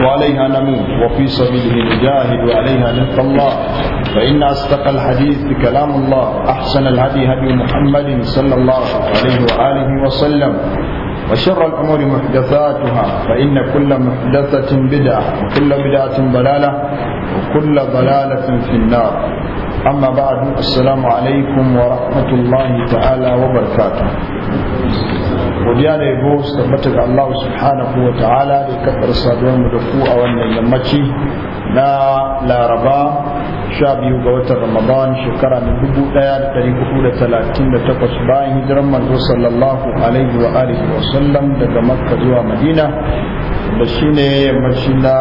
وعليها نموت وفي سبيله نجاهد وعليها نلقى الله فإن أصدق الحديث كلام الله أحسن الهدي هدي محمد صلى الله عليه وآله وسلم وشر الأمور محدثاتها فإن كل محدثة بدعة وكل بدعة ضلالة وكل ضلالة في النار أما بعد السلام عليكم ورحمة الله تعالى وبركاته godiya da yabo su tabbata ga Allah subhanahu wa ta'ala da kafar saduwar mu da ku a wannan yammaci na Laraba sha biyu ga watan Ramadan shekara na dubu ɗaya da ɗari hudu da talatin da takwas bayan hijiran manzo sallallahu alaihi wa alihi wa sallam daga Makka zuwa Madina da shi ne yammaci na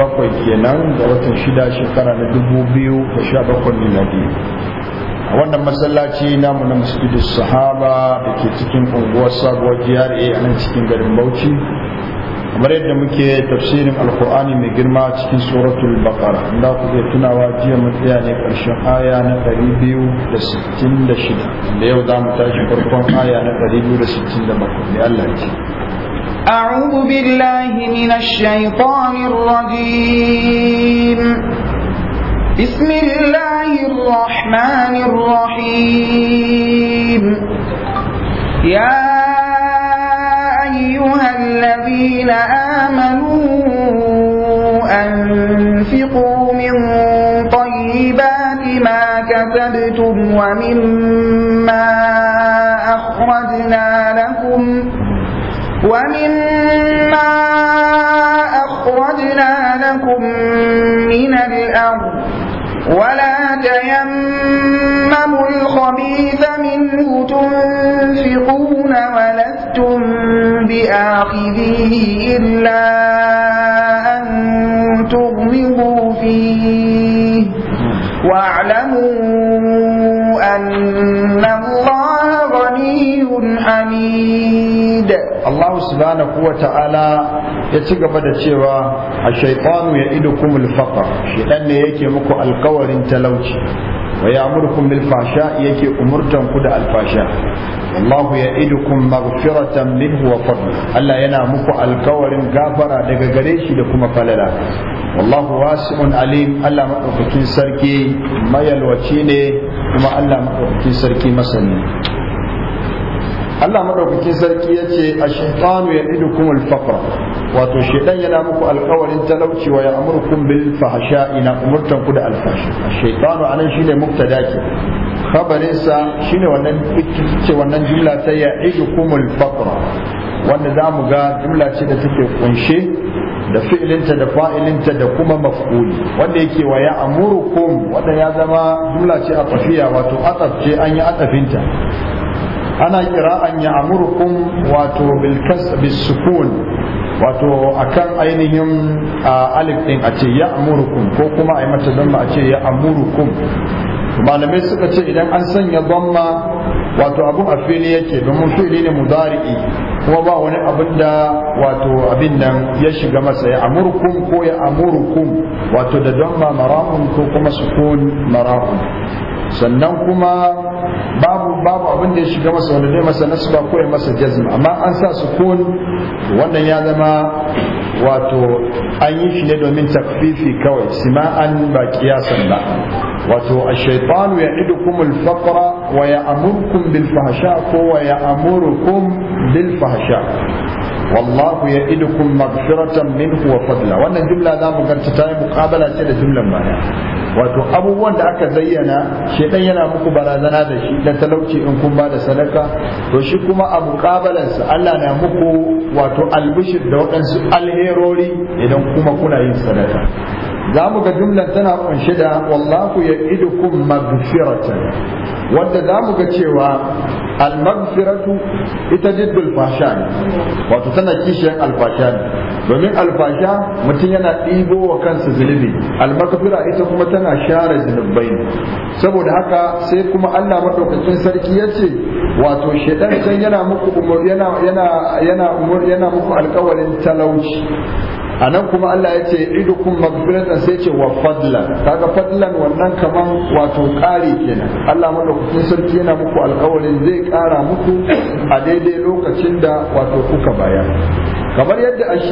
bakwai kenan ga watan shida shekara na dubu biyu da sha bakwai na miladiya a wannan masallaci namu na masjidu sahaba da ke cikin unguwar sabuwar GRA a nan cikin garin Bauchi kamar yadda muke tafsirin alkur'ani mai girma cikin suratul baqara inda ku zai tunawa jiya mu tsaya ne karshen aya na 266 da yau za mu tashi farkon aya na 267 Allah ce أعوذ بالله من الشيطان الرجيم بسم الله الرحمن الرحيم يا أيها الذين آمنوا أنفقوا من طيبات ما كسبتم ومما ولا تيمموا الخبيث منه تنفقون ولستم بآخذيه إلا أن تغمضوا فيه واعلموا أن الله غني حميد الله سبحانه وتعالى ya ci gaba da cewa a shaifanu ya idu kumul faqa shaitan ne yake muku alkawarin talauci wa ya amurkum bil fasha yake umurtan ku da alfasha wallahu ya idukum maghfiratan minhu wa fadla Allah yana muku alkawarin gafara daga gare shi da kuma falala wallahu wasi'un alim Allah madaukakin sarki mayalwaci ne kuma Allah madaukakin sarki masani Allah madaukakin sarki ya ce a shaitanu ya idu kumul fakra wato shaitan yana muku alkawarin talauci wa ya amurkum bil fahasha ina umurtan ku da alfashi shaitanu anan shine mubtada ke khabarinsa shine wannan ce wannan jumla ta ya idu kumul fakra wanda za mu ga jumla ce da take kunshe da fi'ilinta da fa'ilinta da kuma maf'uli wanda yake wa ya amurukum wanda ya zama jumla ce a tafiya wato ataf ce an yi atafinta ana kira an ya amurkum wato bilkas bisukun wato akan ainihin alif din a ce ya amurkum ko kuma a yi mata damma a ce ya amurkum malamai suka ce idan an sanya damma wato abu a fili yake domin fili ne mudari'i kuma ba wani abin da wato abin nan ya shiga masa ya amurkum ko ya amurkum wato da damma mara'un ko kuma sukun mara'un sannan kuma babu babu abin da ya shiga masa wanda zai masa nasba ko ya masa jazma amma an sa sukun wannan ya zama wato an yi shi ne domin takfifi kawai sima'an ba kiyasan ba wato ash-shaytanu ya'idukum al-faqra wa ya'murukum bil fahsha ko wa ya'murukum bil fahsha wallahu ya'idukum maghfiratan minhu wa fadla wannan jumla zamu ganta ta yi muqabala ce da jumlan baya wato abubuwan da aka zayyana shedan yana muku barazana da shi da talauci in kun ba da sadaka to shi kuma abu mukabalansa Allah na muku wato albishir da waɗansu alherori idan kuma kuna yin sadaka za mu ga jumlar tana kunshe da wallahu ya'idukum magfiratan wanda za mu ga cewa almagfiratu ita jiddul fasha ne wato tana kishiyar alfasha ne domin alfasha mutum yana ɗibo wa kansa zunubi almagfira ita kuma tana share zunubai saboda haka sai kuma Allah maɗaukakin sarki ya ce wato shaidan can yana muku yana yana yana muku alƙawarin talauci a nan kuma Allah ya ce idukum maghfiratan sai ce wa fadlan kaga fadlan wannan kaman wato ƙari kenan Allah madaukakin sarki yana muku alƙawarin zai ƙara muku a daidai lokacin da wato kuka bayar kamar yadda ash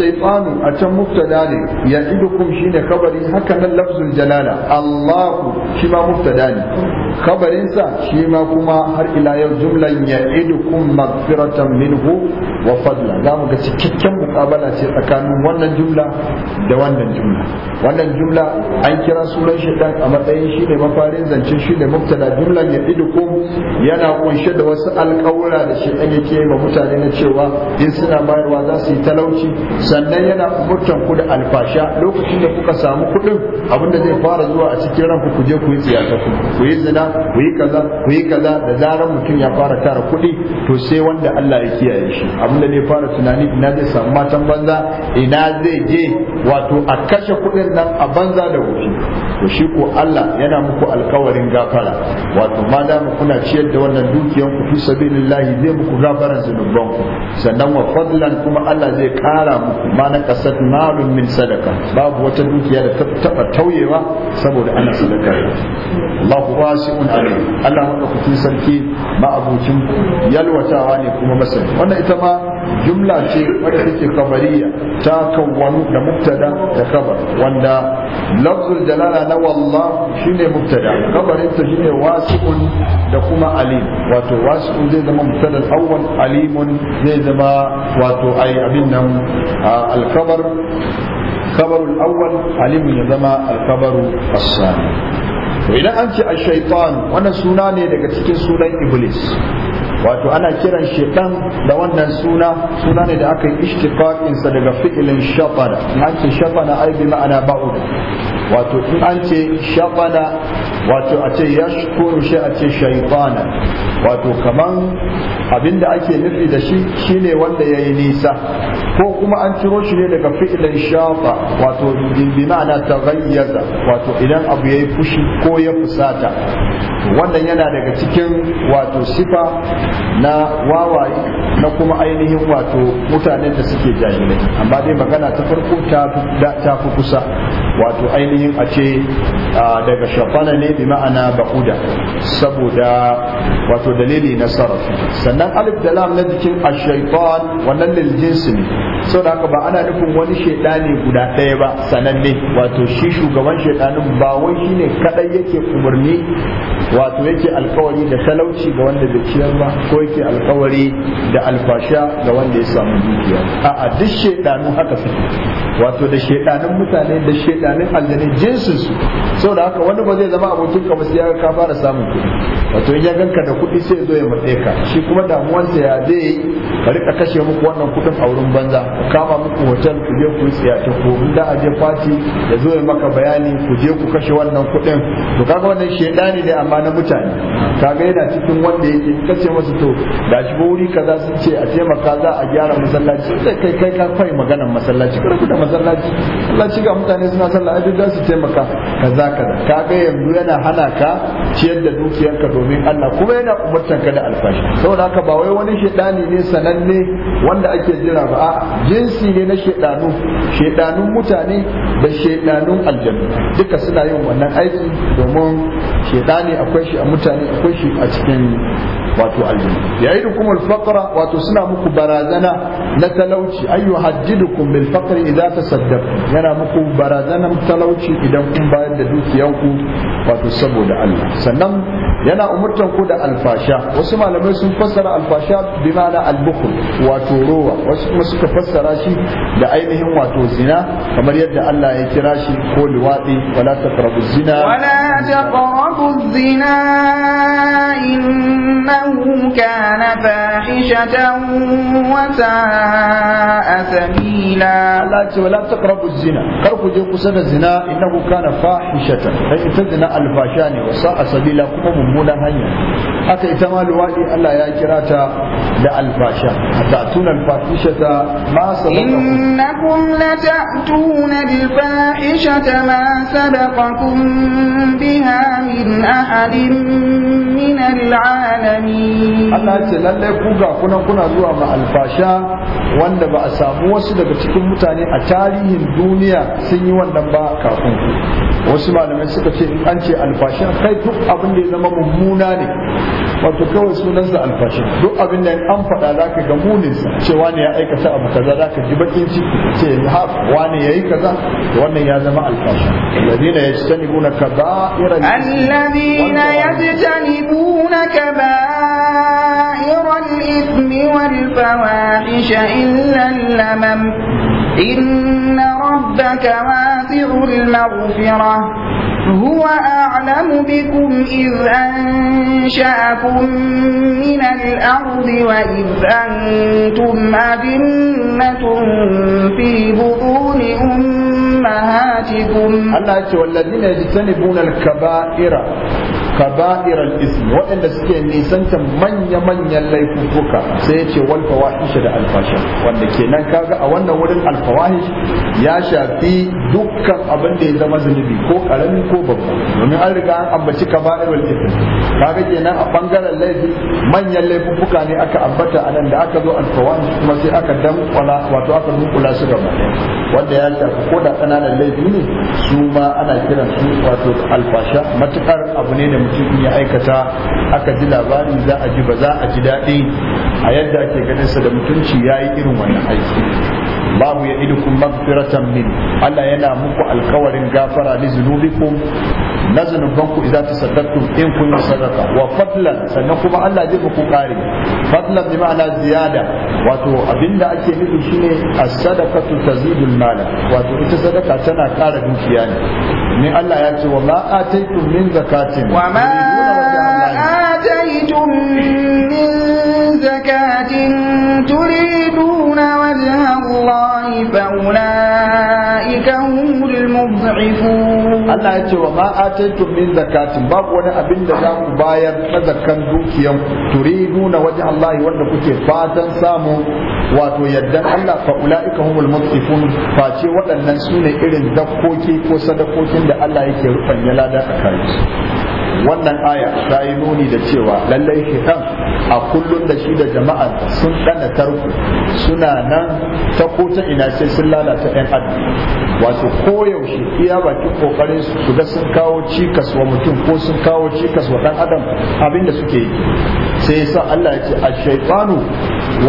a can muftada ne ya idukum shine kabari haka nan lafzul jalala Allahu shi ma muftada ne kabarin sa shi ma kuma har ila yau jumlan ya idukum magfiratan minhu wa fadla mu ga cikakken mukabala ce tsakanin wannan jumla da wannan jumla wannan jumla an kira sunan shi dan a matsayin shi ne mafarin zance shi ne muftada jumlan ya idukum yana kunshe da wasu alƙawura da shi dan yake ma mutane na cewa in suna bayarwa za su yi talauci sannan yana mutan ku da alfasha lokacin da kuka samu kuɗin abinda zai fara zuwa a cikin ranku ku je ku yi tsiyata ku yi zina ku yi kaza ku yi kaza da zarar mutum ya fara tara kuɗi to sai wanda Allah ya kiyaye shi abinda zai fara tunani ina zai samu matan banza ina zai je wato a kashe kuɗin nan a banza da wuri to shi ko Allah yana muku alkawarin gafara wato ma kuna ciyar da wannan dukiyan ku fi sabilillahi zai muku gafaran zunuban ku sannan wa fadlan kuma Allah zai kara muku ma na kasat malun min sadaka babu wata dukiya da ta taba tauyewa saboda ana sadaka Allah wasi'un alim Allah madaukakin sarki ma abokin yalwatawa ne kuma masani wannan ita ma jumla ce wadda take kabariya ta kawwanu da mutta mubtada da khabar wanda lafzul jalala na wallah shine mubtada khabarin sa shine Wasi'un da kuma alim wato Wasi'un zai zama mubtada awwal alimun zai zama wato ai abin nan al khabar khabarul awwal alimun ya zama al khabaru as-sani to idan an ce ash-shaytan wannan suna ne daga cikin sunan iblis wato ana kiran shaitan da wannan suna suna ne da aka yi ishtiqaqin sa daga fi'ilin shafana an ce shafana ai bi ma'ana ba'ud wato in an ce shafana wato a ce yashkuru shi a ce shaytana wato kaman abinda ake nufi da shi shine wanda yayi nisa ko kuma an ciro shi ne daga fi'ilin shafa wato bi ma'ana taghayyaza wato idan abu yayi fushi ko ya fusata wannan yana daga cikin wato sifa na wawaye na kuma ainihin wato mutanen da suke jahilai amma dai magana ta farko ta fi kusa wato ainihin a ce daga shafana ne bi ma'ana ba'uda saboda wato dalili na sarrafi sannan alif da lam na jikin ashaitan wannan lil jinsi ne saboda haka ba ana nufin wani shaidani guda ɗaya ba sananne wato shi shugaban shaidanin ba wai shine kadai yake umarni wato yake alkawari da talauci ga wanda bai ciyar ba ko yake alkawari da alfasha ga wanda ya samu dukiya a'a duk shaidanu haka suke wato da shaidanin mutane da shaidanin damin aljani jinsin su saboda haka wani ba zai zama abokin ka sai ya ka fara samun kuɗi wato ya ganka da kuɗi sai ya zo ya matse ka shi kuma damuwansa ya zai yi ka rika kashe muku wannan kuɗin a wurin banza ku kama muku hotel ku je ku tsaya ta ko in da aje je fati ya zo ya maka bayani ku je ku kashe wannan kuɗin to kaga wannan shedani ne amma na mutane kaga yana cikin wanda yake kace masa to da shi wuri kaza sun ce a taimaka za a gyara masallaci sai kai kai ka fai maganar masallaci kada ku da masallaci masallaci ga mutane suna masallaci ajin za su taimaka kaza kaza kaga yanzu yana hana ka ciyar da dukiyarka domin Allah kuma yana umurtan ka da alfashi saboda haka ba wai wani shedani ne sananne wanda ake jira ba a jinsi ne na shedanu shedanun mutane da shedanun aljanna duka suna yin wannan aiki domin shedani akwai shi a mutane akwai shi a cikin wato aljanna yayi kuma faqra wato suna muku barazana na talauci ayu haddidukum bil faqr idza tasaddaqtum yana muku barazanan talauci idan kun bayar da dukiyanku wato saboda Allah sannan yana umurtan ku da alfasha wasu malamai sun fassara alfasha bi ma'ana albukhl wato rowa wasu kuma suka fassara shi da ainihin wato zina kamar yadda Allah ya kira shi ko liwadi wala taqrabu zina wala تقربوا الزنا إنه كان فاحشة وساء سبيلا لا تعالى ولا تقربوا الزنا كركوا جيكوا سنة الزنا إنه كان فاحشة أي تزنا الفاشاني وساء سبيلا كما ممولا هيا حتى إتما الوالي ألا يا كراتا لا الفاشا أتأتون الفاحشة ما سبقكم إنكم لتأتون الفاحشة ما سبقكم به biha min ahadin min al'alamin ce lalle ku ga kuna kuna zuwa ma wanda ba a samu wasu daga cikin mutane a tarihin duniya sun yi wannan ba kafin ku wasu malamai suka ce in an ce alfashin kai duk abin da ya zama mummuna ne wato kawai sunansa alfashin duk abin da an faɗa za ka ga muninsa cewa ne ya aikata abu kaza za ka ji bakin ciki ce ha wani ya yi kaza wannan ya zama alfashin alladina yajtanibuna kaba'ira alladina yajtanibuna kaba'ira al-ithmi wal fawahisha illa lamam إن ربك واسع المغفرة هو أعلم بكم إذ أنشأكم من الأرض وإذ أنتم أجنة في بطون أمهاتكم الله والذين يجتنبون الكبائر kaba'ir al-ism waɗanda suke nisanta manya-manyan laifuka sai yace ce wal fawahish da alfasha wanda kenan kaga a wannan wurin alfawahish ya shafi dukkan abin da ya zama zunubi ko karami ko babba domin an riga an ambaci kaba'ir al-ism kaga kenan a bangaren laifi manyan laifuffuka ne aka ambata a nan da aka zo alfawan kuma sai aka damkwala wato aka dunkula su gaba wanda ya shafi ko da kananan laifi ne su ma ana kiran su wato alfasha matukar abu ne da mutum ya aikata aka ji labari za a ji ba za a ji daɗi a yadda ake ganin sa da mutunci ya yi irin wannan aiki babu ya idu kuma firatan min Allah yana muku alkawarin gafara li zunubikum na zunuban ku idan ta sadaktu in kun sadaka wa fadlan sannan kuma Allah zai muku kare fadlan bi ma'ana ziyada wato abinda ake nufi shine as-sadaqatu tazidu al wato ita sadaka tana kara dukiya ne ni Allah ya ce wa ma ataitum min zakatin wa ma زكاة تريدون وجه الله فأولئك هم المضعفون الله يتوى ما آتيتم من زكاة باب وانا أبن دجاك باير نزكا دوكيا تريدون وجه الله وانا كتير فاتا سامو wato yaddan Allah fa ulaika humul mutqifun face waɗannan su ne irin dakkoki ko sadakokin da Allah yake rufan ya lada a kansu wannan aya ta yi nuni da cewa lallai shaitan a kullum da shi da jama'a sun dana tarko suna nan ta kota ina sai sun lalata yan adam wato koyaushe iya bakin kokarin su su ga sun kawo cikas wa mutum ko sun kawo cikas wa dan adam abinda suke yi sai yasa Allah ya ce a shaitanu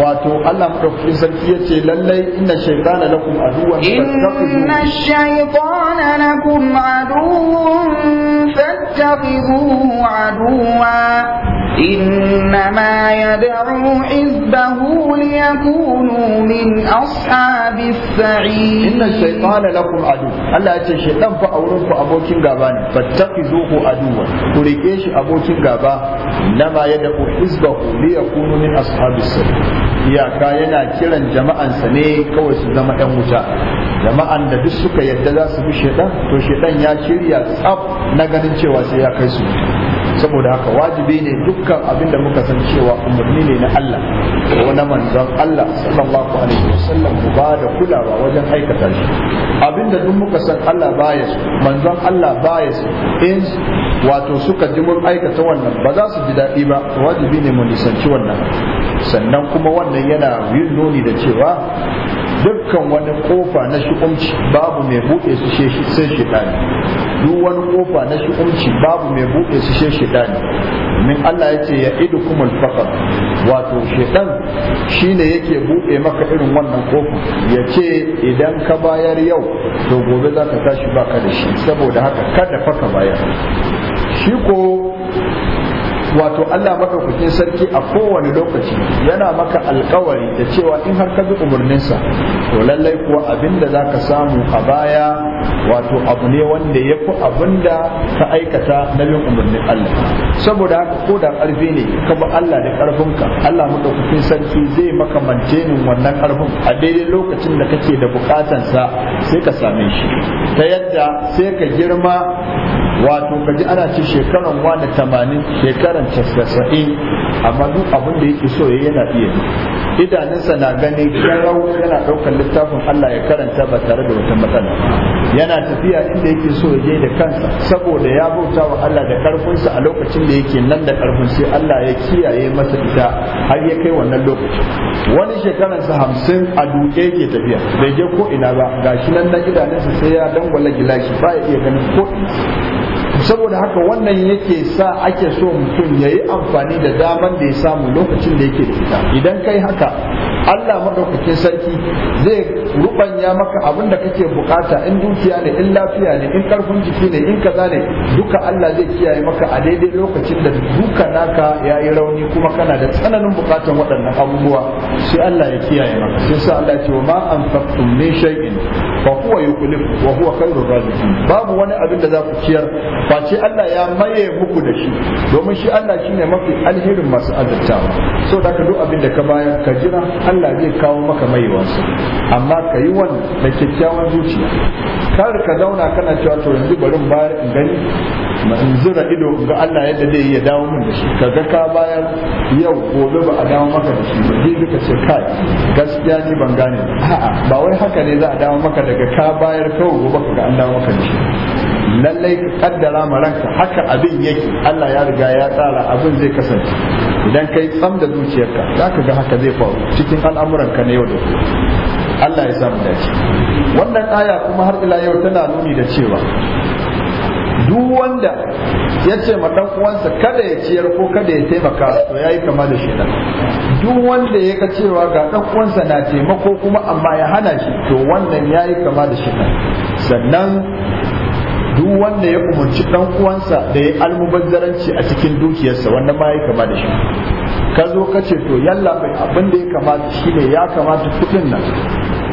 wato Allah madaukakin sarki ya ce lallai inna shaitana lakum aduwwan inna shaitana lakum aduwwan فاتخذوه عدوا إنما يدعو حزبه ليكونوا من أصحاب السعير إن الشيطان لكم عدو ألا يتشي الشيطان فأورنك أبوكين غابان فاتخذوه عدوا تريكيش أبوكين غابا إنما يدعو حزبه ليكونوا من أصحاب السعير يا كاينا kiran jama'ansa ne kawai su zama 'yan wuta jama'an da duk suka yadda za su bi shaidan to shaidan saboda haka wajibi ne dukkan abinda muka san cewa umarni ne na Allah ko na manzon Allah sallallahu alaihi wasallam mu ba da kulawa wajen aikata shi Abinda duk muka san Allah baya su manzon Allah baya su in wato suka ji mun aikata wannan ba za su ji daɗi ba wajibi ne mu nisanci wannan sannan kuma wannan yana yin nuni da cewa dukkan wani kofa na shi'umci babu mai buɗe su sai shidani duk wani kofa na shi'umci babu mai buɗe su sai shidani min Allah ya ce ya idu kuma fakar wato shi shine yake buɗe maka irin wannan kofa ya ce idan ka bayar yau to gobe za ka tashi baka da shi saboda haka kada ka bayar shi ko wato Allah madaukakin sarki a kowane lokaci yana maka alkawari da cewa in har ka bi umarninsa to lallai kuwa abinda da ka samu a baya wato abu ne wanda ya fi abin ka aikata na bin umarnin Allah saboda haka ko da karfi ne ka bi Allah da ƙarfinka Allah madaukakin sarki zai maka mantenin wannan karfin a daidai lokacin da kake da bukatansa sai ka same shi ta yadda sai ka girma wato kaji ana ce shekaran wani tamanin shekaran casasa'in amma duk abin da yake so yana iya idanunsa na gani garau yana ɗaukar littafin Allah ya karanta ba tare da wata matsala yana tafiya inda yake so ya je da kansa saboda ya bauta wa Allah da karfinsa a lokacin da yake nan da karfin sai Allah ya kiyaye masa ita har ya kai wannan lokaci wani shekaransa hamsin a duke yake tafiya bai je ko ina ba gashi nan na idanunsa sai ya dangwala gilashi ba ya iya ganin ko saboda haka wannan yake sa ake so mutum ya yi amfani da daman da ya samu lokacin da yake da ita idan kai haka Allah madaukakin sarki zai rubanya maka abin da kake bukata in dukiya ne in lafiya ne in karfin jiki ne in kaza ne duka Allah zai kiyaye maka a daidai lokacin da duka naka yi rauni kuma kana da tsananin bukatan waɗannan abubuwa sai Allah ya kiyaye maka sai sa Allah ce ce ma faktum min shay'in fa huwa yuqlib wa huwa khairur raziqin babu wani abin da za ku ciyar face Allah ya maye muku da shi domin shi Allah shine mafi alherin masu azurtawa so da ka duk abin da ka bayar ka jira Allah zai kawo maka maiwansa amma ka yi wani da kyakkyawan zuciya kar ka zauna kana cewa to yanzu bari in bayar in gani in zura ido in ga Allah yadda zai iya dawo min da shi ka ga ka bayar yau gobe ba a dawo maka da shi ba dai ka ce kai gaskiya ni ban gane a'a ba wai haka ne za a dawo maka daga ka bayar kawai gobe ka ga an dawo maka da shi lallai ka kaddara ma ranka haka abin yake Allah ya riga ya tsara abin zai kasance idan kai tsam da zuciyarka za ka ga haka zai faru cikin al'amuranka na yau da gobe Allah ya samu dace wannan aya kuma har ila yau tana nuni da cewa duk wanda ya ce ma dan uwansa kada ya ciyar ko kada ya taimaka to yayi kama da shaitan duk wanda ya ka cewa ga dan uwansa na taimako kuma amma ya hana shi to wannan yayi kama da shaitan sannan duk wanda ya umarci dan uwansa da ya almubazzaranci a cikin dukiyarsa wannan ma yayi kama da shi. ka zo ka ce to yalla mai abin da ya kamata shine ya kamata kuɗin nan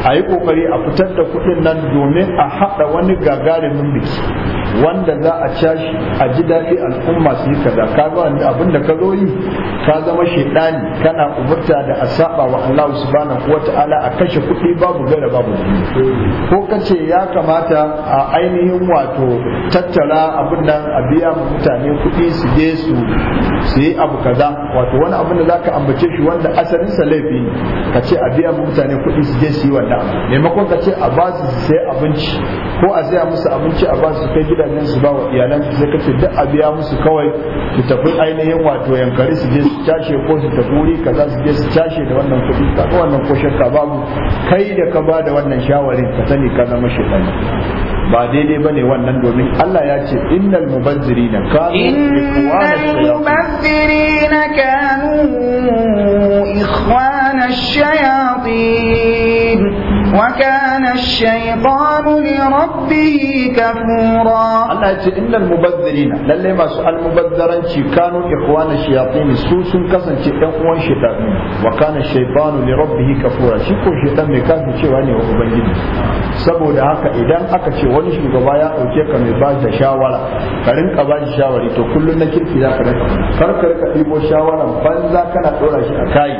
a yi kokari a fitar da kuɗin nan domin a haɗa wani gagarumin biki wanda za a cashi a ji daɗi al'umma su yi kaza ka ga wani abin da ka zo yi ka zama shaidani kana umurta da a saba wa Allah subhanahu wata'ala a kashe kuɗi babu gare babu ko ka ce ya kamata a ainihin wato tattara abin nan a biya mutane kuɗi su je su sai abu kaza wato wani abin da zaka ambace shi wanda asalin sa laifi ne ka ce a biya mutane kuɗi su je su yi wannan maimakon ka ce a ba su sai abinci ko a saya musu abinci a ba su kai gidajen su ba wa iyalan su sai ka ce duk a biya musu kawai su tafi ainihin wato yankari su je su cashe ko su tafi wuri kaza su je su cashe da wannan kuɗi ka wannan ko shakka babu kai da ka ba da wannan shawarin ka sani ka zama shekani ba daidai ba ne wannan domin Allah ya ce innal mubazzirina kanu innal mubazzirina kanu ikhwana shayatin وكان الشيطان لربه كفورا الله يقول إن المبذرين للي ما سؤال مبذرين كانوا إخوان الشياطين سوس كسن إخوان شيطان وكان الشيطان لربه كفورا شكو شيطان مكافي شواني وأبنجد سبو دعاك إذن أكتش ونش لقبايا أوكيك مباز شاورا كرنك باز شاوري تو كل نكير في ذاك karka rika ɗibo shawaran banza kana ɗora shi a kayi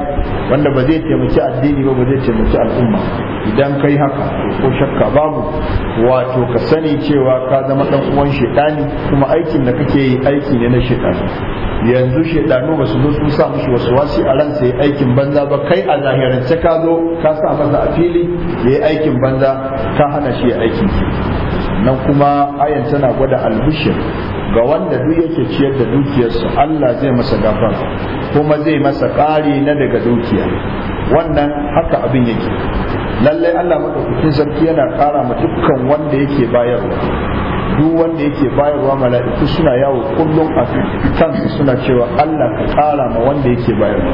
wanda ba zai taimaki addini ba ba zai taimaki al'umma idan idan kai haka ko shakka babu wato ka sani cewa ka zama dan uwan shedani kuma aikin da kake yi aiki ne na shedani yanzu shedanu ba su zo su sa mushi wasu wasi a ransa sai aikin banza ba kai a zahirance ka zo ka sa masa a fili yayi aikin banza ka hana shi aikin ki nan kuma ayan tana gwada albishir ga wanda duk yake ciyar da dukiyarsa Allah zai masa gafara kuma zai masa ƙari na daga dukiya wannan haka abin yake lallai Allah madaukakin sarki yana kara ma dukkan wanda yake bayarwa duk wanda yake bayarwa mala'iku suna yawo kullum a kansu suna cewa Allah ka kara ma wanda yake bayarwa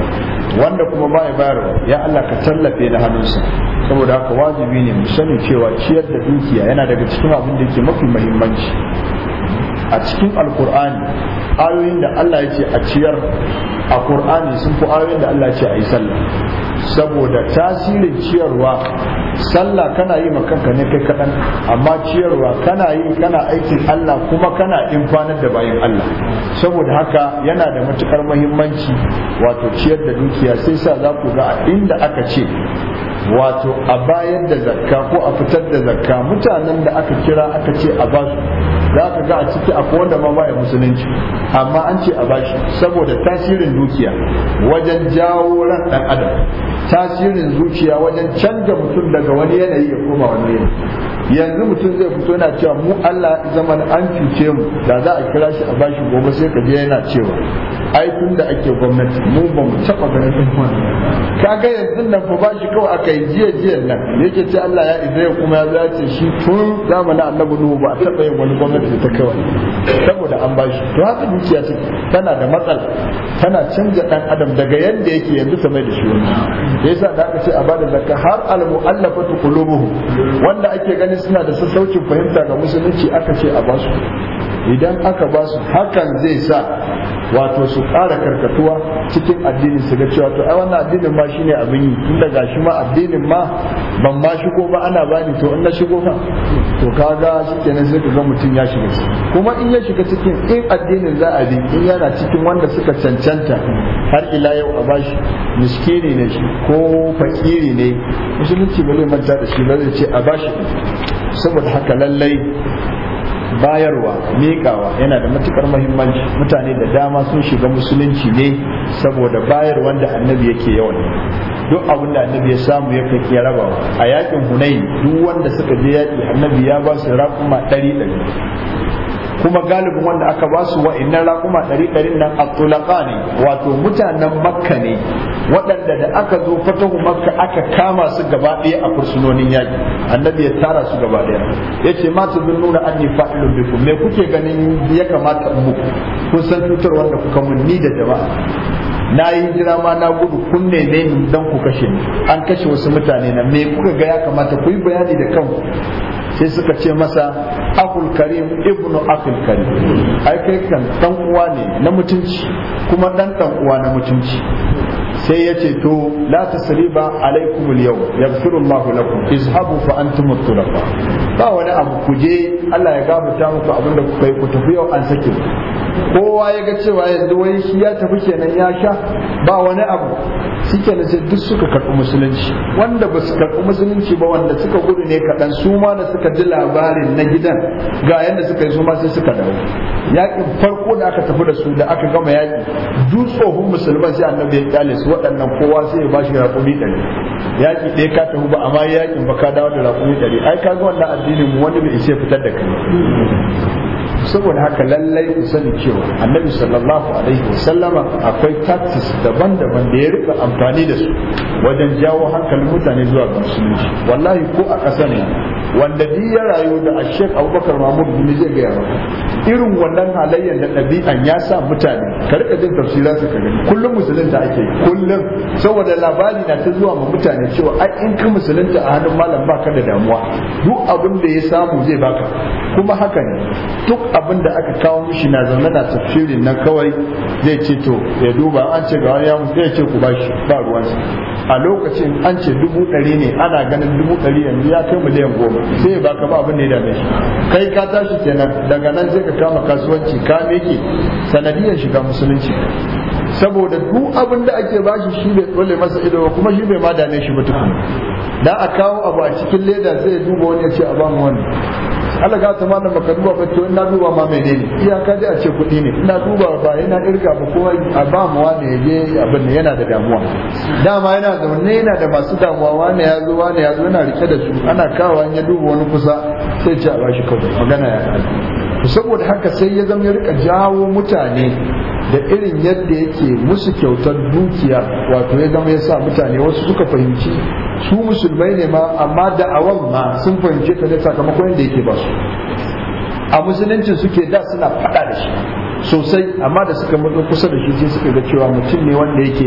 wanda kuma baya bayarwa ya Allah ka tallafe da hannunsa saboda haka wajibi ne mu sani cewa ciyar da dukiya yana daga cikin abin da yake mafi muhimmanci a cikin alkur'ani ayoyin da Allah ya ce a ciyar a kur'ani sun fi ayoyin da Allah ya ce a yi sallah saboda tasirin ciyarwa sallah kana yi ma kanka ne kai kaɗan amma ciyarwa kana yi kana aikin Allah kuma kana imfanar da bayin Allah saboda haka yana da matukar muhimmanci wato ciyar da dukiya sai sa za ku ga inda aka ce wato a bayar da zakka ko a fitar da zakka mutanen da aka kira aka ce a basu za ka ga a ciki a wanda ma baya musulunci amma an ce a bashi saboda tasirin dukiya wajen jawo ran dan adam tasirin zuciya wajen canza mutum daga wani yanayi ya koma wani yanayi yanzu mutum zai fito yana cewa mu Allah zaman an cuce mu da za a kira shi a bashi gobe sai ka je yana cewa ai da ake gwamnati mu ba mu taba ganin ɗin wani ga yanzu nan ko ba shi kawai aka yi jiya jiya nan yake ce Allah ya isa ya kuma ya zace shi tun zamanin annabi nuhu ba a taba yin wani gwamnati da ta kawai saboda an ba shi to haka dukiya ce tana da matsala tana canza ɗan adam daga yadda yake yanzu ta mai da shi wani yasa da aka ce a bada zakka har al-mu'allafatu qulubuhum wanda ake ganin suna da sassaucin fahimta ga musulunci aka ce a ba su? idan aka ba su hakan zai sa wato su su ƙara karkatuwa cikin addinin su ga cewa to ai wannan addinin ma shine abin yi tunda gashi ma addinin ma ban ma shigo ba ana bani to in na shigo fa to kaga shikenan sai ka ga mutum ya shiga kuma in ya shiga cikin in addinin za a bi in yana cikin wanda suka cancanta har ila yau a bashi miskini ne shi ko fakiri ne musulunci ba zai manta da shi ba ce a bashi saboda haka lallai bayarwa mekawa yana da matukar mahimmanci mutane da dama sun shiga musulunci ne saboda bayar wanda annabi yake yawan duk abin da annabi ya samu ya kai ya rabawa a yakin hunain duk wanda suka je yaki annabi ya ba su raƙuma ɗari ɗari kuma galibin wanda aka ba su wa inna ɗari ɗari nan atulaka ne wato mutanen makka ne waɗanda da aka zo fatahu makka aka kama su gaba ɗaya a fursunonin yaji, annabi ya tara su gaba ɗaya yace ce ma tu nuna anni yi fa'ilun biku me kuke ganin ya kamata mu? kun san cutar wanda kuka mun ni da jama'a na yi hijira ma na gudu kunne ne dan ku kashe ni an kashe wasu mutane na me kuka ga ya kamata ku yi bayani da kanku sai suka ce masa akul karim Ibnu akul karim ai kai kan dan uwa ne na mutunci kuma dan dan uwa na mutunci sai ya ce to la tasriba alaikum alyawm yaghfiru allah lakum izhabu fa antum mutlaqa ba wani abu kuje Allah ya gafarta muku abinda kuka yi ku tafi yau an sake kowa ya ga cewa yanzu wai shi ya tafi kenan ya sha ba wani abu suke na sai duk suka karɓi musulunci wanda ba su karɓi musulunci ba wanda suka gudu ne kaɗan su ma da suka ji labarin na gidan ga yadda suka yi su ma sai suka dawo yaƙin farko da aka tafi da su da aka gama yaƙi duk tsohon musulman sai annabi ya kyale su waɗannan kowa sai ya bashi raƙumi ɗari yaƙi ɗaya ka tafi ba amma yaƙin ba ka dawo da raƙumi ɗari ai ka ga wannan addinin mu wani bai isa ya fitar da kai saboda haka lallai ku sani cewa annabi sallallahu alaihi wasallama akwai tactics daban-daban da ya rika amfani da su wajen jawo hankalin mutane zuwa ga musulunci wallahi ko a ƙasa ne wanda duk ya rayu da ashek abubakar mahmud na zai gaya maka irin wannan halayyar da ɗabi'an ya sa mutane ka rika jin tafsira su ka gani kullum musulunta ake kullum saboda labari na ta zuwa ma mutane cewa ai in ka musulunta a hannun malam baka da damuwa duk abin da ya samu zai baka kuma haka ne duk abin da aka kawo mishi na zaune na tafsirin na kawai zai ce to ya duba an ce ga wani ya ce ku bashi ba ruwansa a lokacin an ce dubu ɗari ne ana ganin dubu ɗari yanzu ya kai miliyan goma sai ya baka ba abin da ya kai ka tashi kenan daga nan sai ka kama kasuwanci ka meke sanadiyar shiga musulunci saboda duk abin da ake bashi shi bai tsole masa ido kuma shi bai ma shi ba tukun da a kawo abu a cikin leda sai ya duba wani ya ce a ba mu wani Allah ga ta malam baka duba ina duba ma menene iyaka ji a ce kuɗi ne ina duba ba ina irka ba ko a ba mu wani yaje abin ne yana da damuwa dama yana zaune yana da masu damuwa wani ya zo wani ya zo yana rike da su ana kawo ya duba wani kusa sai ce a bashi kawai magana ya ƙare saboda haka sai ya zama ya rika jawo mutane da irin yadda yake musu kyautar dukiya wato ya zama ya sa mutane wasu suka fahimci su musulmai ne ma amma da awan ma sun fahimce ta ne sakamakon yadda yake ba su a musuluncin suke da suna faɗa da shi sosai amma da suka mutu kusa da shi sai suka ga cewa mutum ne wanda yake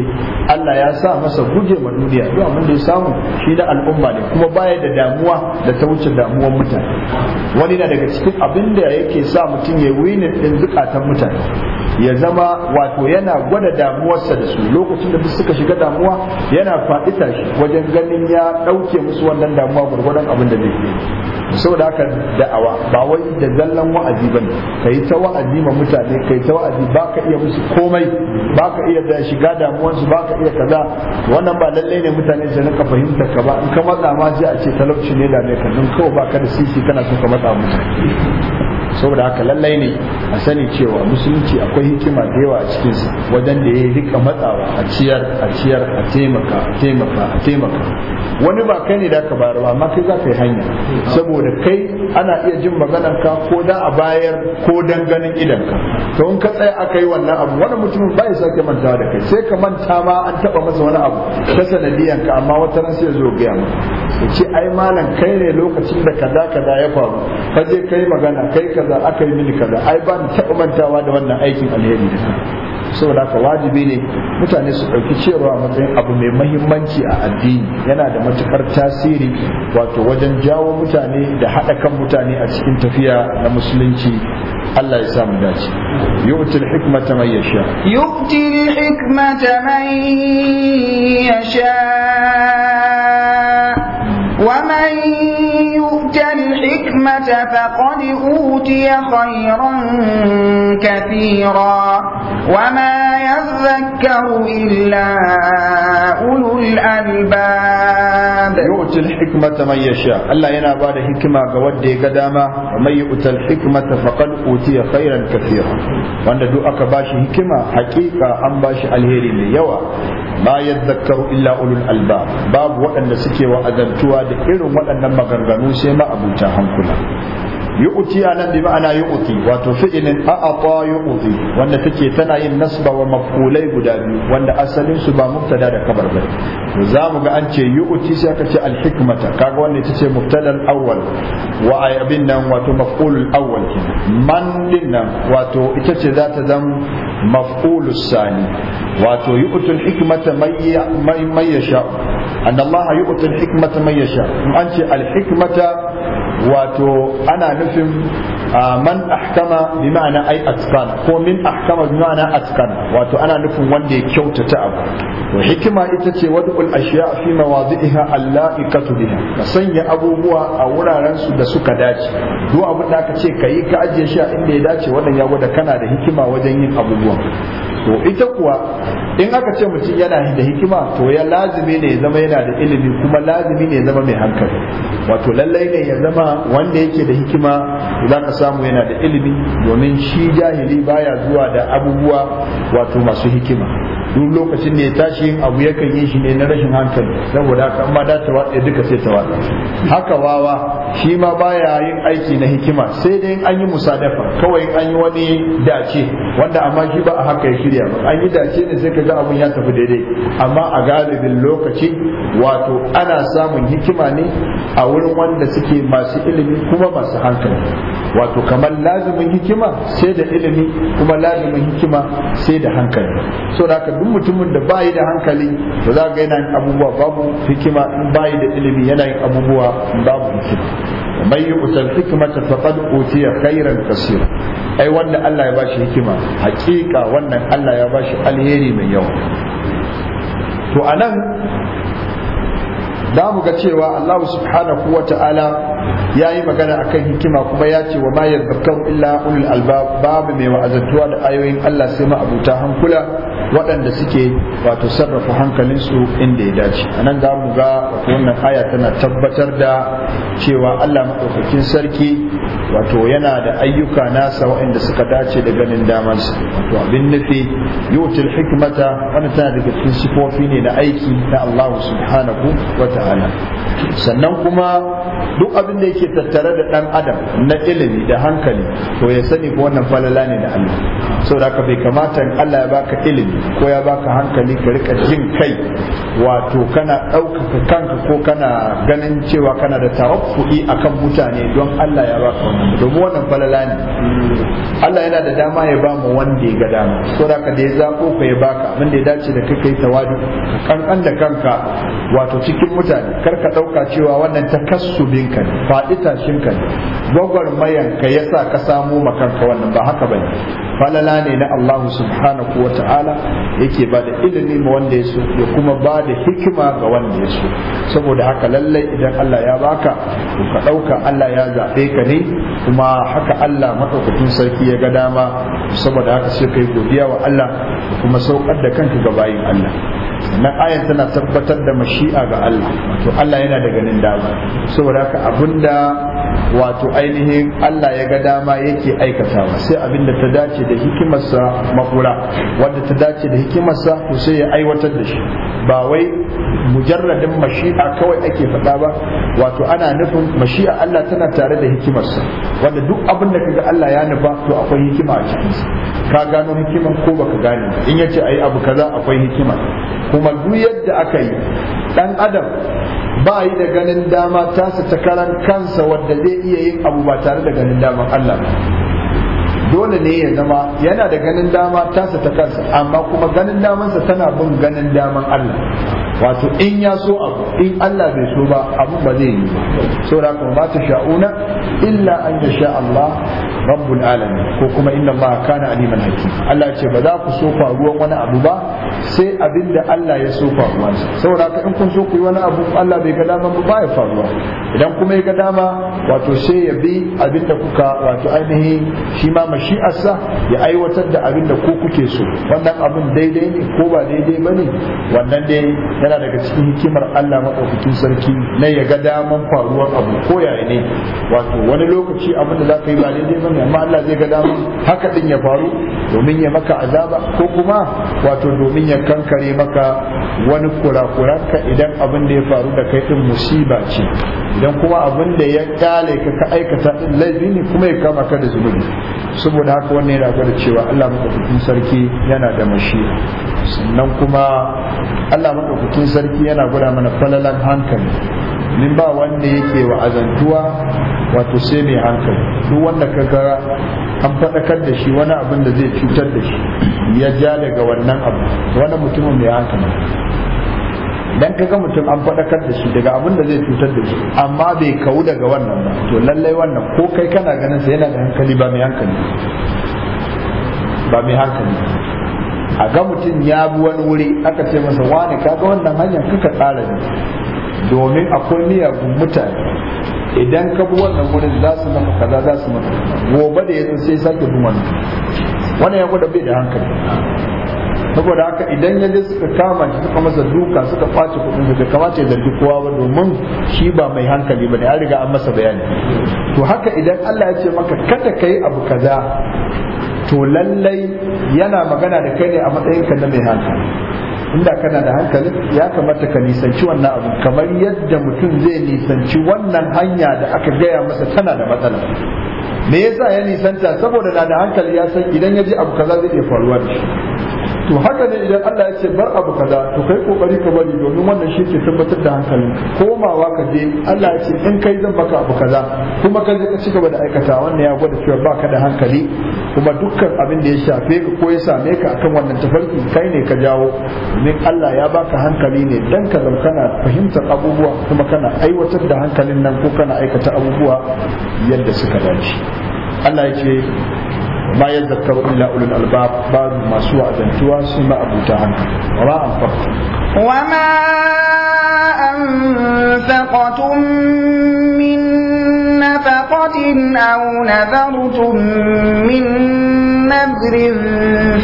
Allah ya sa masa guje wa duniya duk abin da ya samu shi da al'umma ne kuma baya da damuwa da ta wuce damuwar mutane wani na daga cikin abin da yake sa mutum ya yi winin din zukatan mutane ya zama wato yana gwada damuwarsa da su lokacin da suka shiga damuwa yana faɗi tashi wajen ganin ya ɗauke musu wannan damuwa gwargwadon abin da zai saboda haka da'awa ba wai da zallan wa'azi bane kai ta wa'azi ma mutane kai ta wa'azi ba ka iya musu komai ba ka iya da shiga damuwansu ba ka iya kaza wannan ba lallai ne mutane su rinka fahimtar ka ba in ka matsa ma sai a ce talauci ne da mai kallon kawai ba ka da sisi kana son ka matsa musu saboda haka lallai ne a sani cewa musulunci akwai hikima da yawa a cikin wajen da ya rika matsawa a ciyar a ciyar a taimaka a taimaka a taimaka wani ba kai ne da ka bayar ba amma kai za ka yi hanya saboda kai ana iya jin maganar ka ko da a bayar ko dan ganin idan ka to in ka tsaya aka yi wannan abu wani mutumin ba ya sake mantawa da kai sai ka manta ma an taba masa wani abu ta sanadiyan ka amma wata ran sai zo gaya ma. ya ce ai malam kai ne lokacin da kaza kaza ya faru ka je kai magana kai ka. kaza aka yi mini kaza ai ba ni taɓa mantawa da wannan aikin alheri da saboda haka wajibi ne mutane su ɗauki cewa matsayin abu mai mahimmanci a addini yana da matukar tasiri wato wajen jawo mutane da haɗa kan mutane a cikin tafiya na musulunci Allah ya samu dace yu'til hikmata man yasha yu'til hikmata man yasha wa man yu'tal الحكمة فقد أوتي خيرا كثيرا وما يذكر إلا أولو الألباب yu'til hikmata man yasha Allah yana ba da hikima ga wanda ya ga dama wa man yu'tal hikmata faqad utiya khairan kathira wanda duk aka bashi hikima hakika an bashi alheri mai yawa ma yadhakkaru illa ulul albab babu waɗanda suke wa'azantuwa da irin waɗannan maganganu sai ma abuta hankula yu'ti anan bi ma'ana yu'ti wato fi'ilin a'ata yu'ti wanda take tana yin nasba wa maf'ulai guda biyu wanda asalin su ba mubtada da kabar ba za mu ga an ce yu'ti sai aka ce al hikmata kaga wanda ita ce mubtada awwal wa abin nan wato maf'ul awwal man din nan wato ita ce za ta zama maf'ul sani wato yu'tul hikmata may yasha an Allah yu'tul hikmata may yasha an ce al hikmata wato ana nufin man ahkama bi ma'ana ai atqan ko min ahkama bi ma'ana atqan wato ana nufin wanda ya kyautata abu to hikima ita ce wadul ashiya fi mawadhi'iha allaiqatu biha ka sanya abubuwa a wuraren su da suka dace duk abu da ka ce kayi ka ajiye shi a inda ya dace wannan ya gwada kana da hikima wajen yin abubuwa. to ita kuwa in aka ce mutum yana da hikima to ya lazimi ne ya zama yana da ilimi kuma lazimi ne ya zama mai hankali wato lallai ne ya zama wanda yake da hikima za ka samu yana da ilimi domin shi jahili baya zuwa da abubuwa wato masu hikima duk lokacin da ya tashi yin abu yakan yi shi ne na rashin hankali saboda haka amma da ta watsa duka sai ta watsa haka wawa shi ma baya yin aiki na hikima sai dai an yi musadafa kawai an yi wani dace wanda amma shi ba a haka ya shirya ba an yi dace ne sai ka ga abun ya tafi daidai amma a galibin lokaci wato ana samun hikima ne a wurin wanda suke masu ilimi kuma masu hankali wato kamar lazumin hikima sai da ilimi kuma lazumin hikima sai da hankali so da haka duk mutumin da bayi da hankali to za ga yana yin abubuwa babu hikima in bayi da ilimi yana yin abubuwa babu hikima man yu'tal hikmata faqad utiya khairan kaseera ai wanda Allah ya bashi hikima hakika wannan Allah ya bashi alheri mai yawa to anan da mu ga cewa Allah subhanahu wa ta'ala ya yi magana akan hikima kuma ya ce wa ma yadhakkaru illa ulul albab babu mai wa'azantuwa da ayoyin Allah sai ma abuta hankula waɗanda suke wato sarrafa hankalinsu inda ya dace a nan za mu ga wato wannan aya tana tabbatar da cewa allah maɗaukakin sarki wato yana da ayyuka nasa waɗanda suka dace da ganin damansa wato abin nufi yutul hikmata wani tana daga cikin sifofi ne na aiki na allahu subhanahu wa ta'ala sannan kuma duk abin da yake tattare da ɗan adam na ilimi da hankali to ya sani ko wannan falala ne da allah saboda haka bai kamata Allah ya baka ilimi ko ya baka hankali ka rika jin kai wato kana ɗaukaka kanka ko kana ganin cewa kana da taraffu'i akan mutane don Allah ya baka wannan domin wannan falala ne Allah yana da dama ya bamu wanda ya ga dama da ka da ya zako ka ya baka abin da ya dace da kai tawadu kankan da kanka wato cikin mutane kar ka ɗauka cewa wannan ta kasubin ka ne faɗi tashin ka ne gwagwarmayan ka yasa ka samo makanka wannan ba haka bane falala ne na Allah subhanahu wa ta'ala yake ba da ilimi ma wanda ya so ya kuma ba da hikima ga wanda ya so saboda haka lallai idan Allah ya baka to ka ɗauka Allah ya zaɓe ka ne kuma haka Allah maɗaukakin sarki ya ga dama saboda haka sai kai godiya wa Allah kuma saukar da kanka ga bayin Allah sannan ayan tana tabbatar da mashi'a ga Allah wato Allah yana da ganin dama saboda haka abinda wato ainihin Allah ya ga dama yake aikatawa sai abinda ta dace da hikimarsa makura wanda ta dace da hikimarsa to sai ya aiwatar da shi ba wai mujarradin mashi'a kawai ake faɗa ba wato ana nufin mashi'a Allah tana tare da hikimarsa wanda duk abinda da kaga Allah ya nufa to akwai hikima a cikinsa ka gano hikimar ko baka gane in yace ayi abu kaza akwai hikima kuma duk yadda aka yi ɗan adam ba yi da ganin dama tasa ta karan kansa wadda zai iya yin abu ba tare da ganin daman Allah dole ne ya zama yana da ganin dama tasa ta kansa amma kuma ganin damansa tana bin ganin daman Allah wato in ya so abu in Allah bai so ba abu ba zai yi saboda kuma ba ta sha'una illa an ya sha Allah rabbul alamin ko kuma inna ma kana aliman hakim Allah ya ce ba za ku so faruwan wani abu ba sai abin da Allah ya so faruwa saboda haka in kun so ku yi wani abu Allah bai ga dama ba ya faruwa idan kuma ya ga dama wato sai ya bi abin da kuka wato ainihi shi ma mashi'arsa ya aiwatar da abin da ku kuke so wannan abin daidai ne ko ba daidai bane wannan dai yana daga cikin hikimar Allah maɗaukakin sarki na ya ga daman faruwar abu ko ne wato wani lokaci abin da za ka yi ba daidai ba ne amma Allah zai ga daman haka din ya faru domin ya maka azaba ko kuma wato domin ya kankare maka wani kurakuranka idan abin da ya faru da kai din musiba ce idan kuma abin da ya kyale ka ka aikata din laifi ne kuma ya kama ka da zunubi saboda haka wannan yana gwada cewa Allah maɗaukakin sarki yana da mashi sannan kuma Allah maɗaukakin madaukakin sarki yana gwada mana falalan hankali min ba wanda yake wa azantuwa wato sai mai hankali duk wanda ka ga an faɗakar da shi wani abin da zai cutar da shi ya ja daga wannan abu wani mutumin mai hankali dan kaga mutum an faɗakar da shi daga abin da zai cutar da shi amma bai kawu daga wannan ba to lallai wannan ko kai kana ganin sa yana da hankali ba mai hankali ba mai hankali a ga mutum ya bi wani wuri aka ce masa wani kaga wannan hanyar kuka tsara ne domin akwai miyagun mutane idan ka bi wannan wurin za su maka kaza za su maka gobe da yanzu sai sake bi wannan wannan ya gwada bai da hankali saboda haka idan ya je suka kama shi suka masa duka suka kwace kudin da kamata ya zargi kowa ba domin shi ba mai hankali ba ne an riga an masa bayani to haka idan Allah ya ce maka kada kai abu kaza to lallai yana magana da kai ne a matsayin ka na mai hankali inda kana da hankali ya kamata ka nisanci wannan abu kamar yadda mutum zai nisanci wannan hanya da aka gaya masa tana da matsala me yasa ya nisanta saboda na da hankali ya san idan ya ji abu kaza zai iya faruwa to haka ne idan Allah ya ce bar abu kaza to kai kokari ka bari domin wannan shi ke tabbatar da hankali komawa ka je Allah ya ce in kai zan baka abu kaza kuma ka je ka ci gaba da aikata wannan ya gwada cewa baka da hankali kuma dukkan abin da ya shafe ka ko ya same ka akan wannan tafarki kai ne ka jawo domin Allah ya baka hankali ne dan ka zama kana fahimtar abubuwa kuma kana aiwatar da hankalin nan ko kana aikata abubuwa yadda suka dace Allah ya ce ما يذكر إلا أولو الألباب بعض ما سوى أذنتوا سمى أبو تهان وما أنفقتم وما أنفقتم من نفقة أو نذرتم من نذر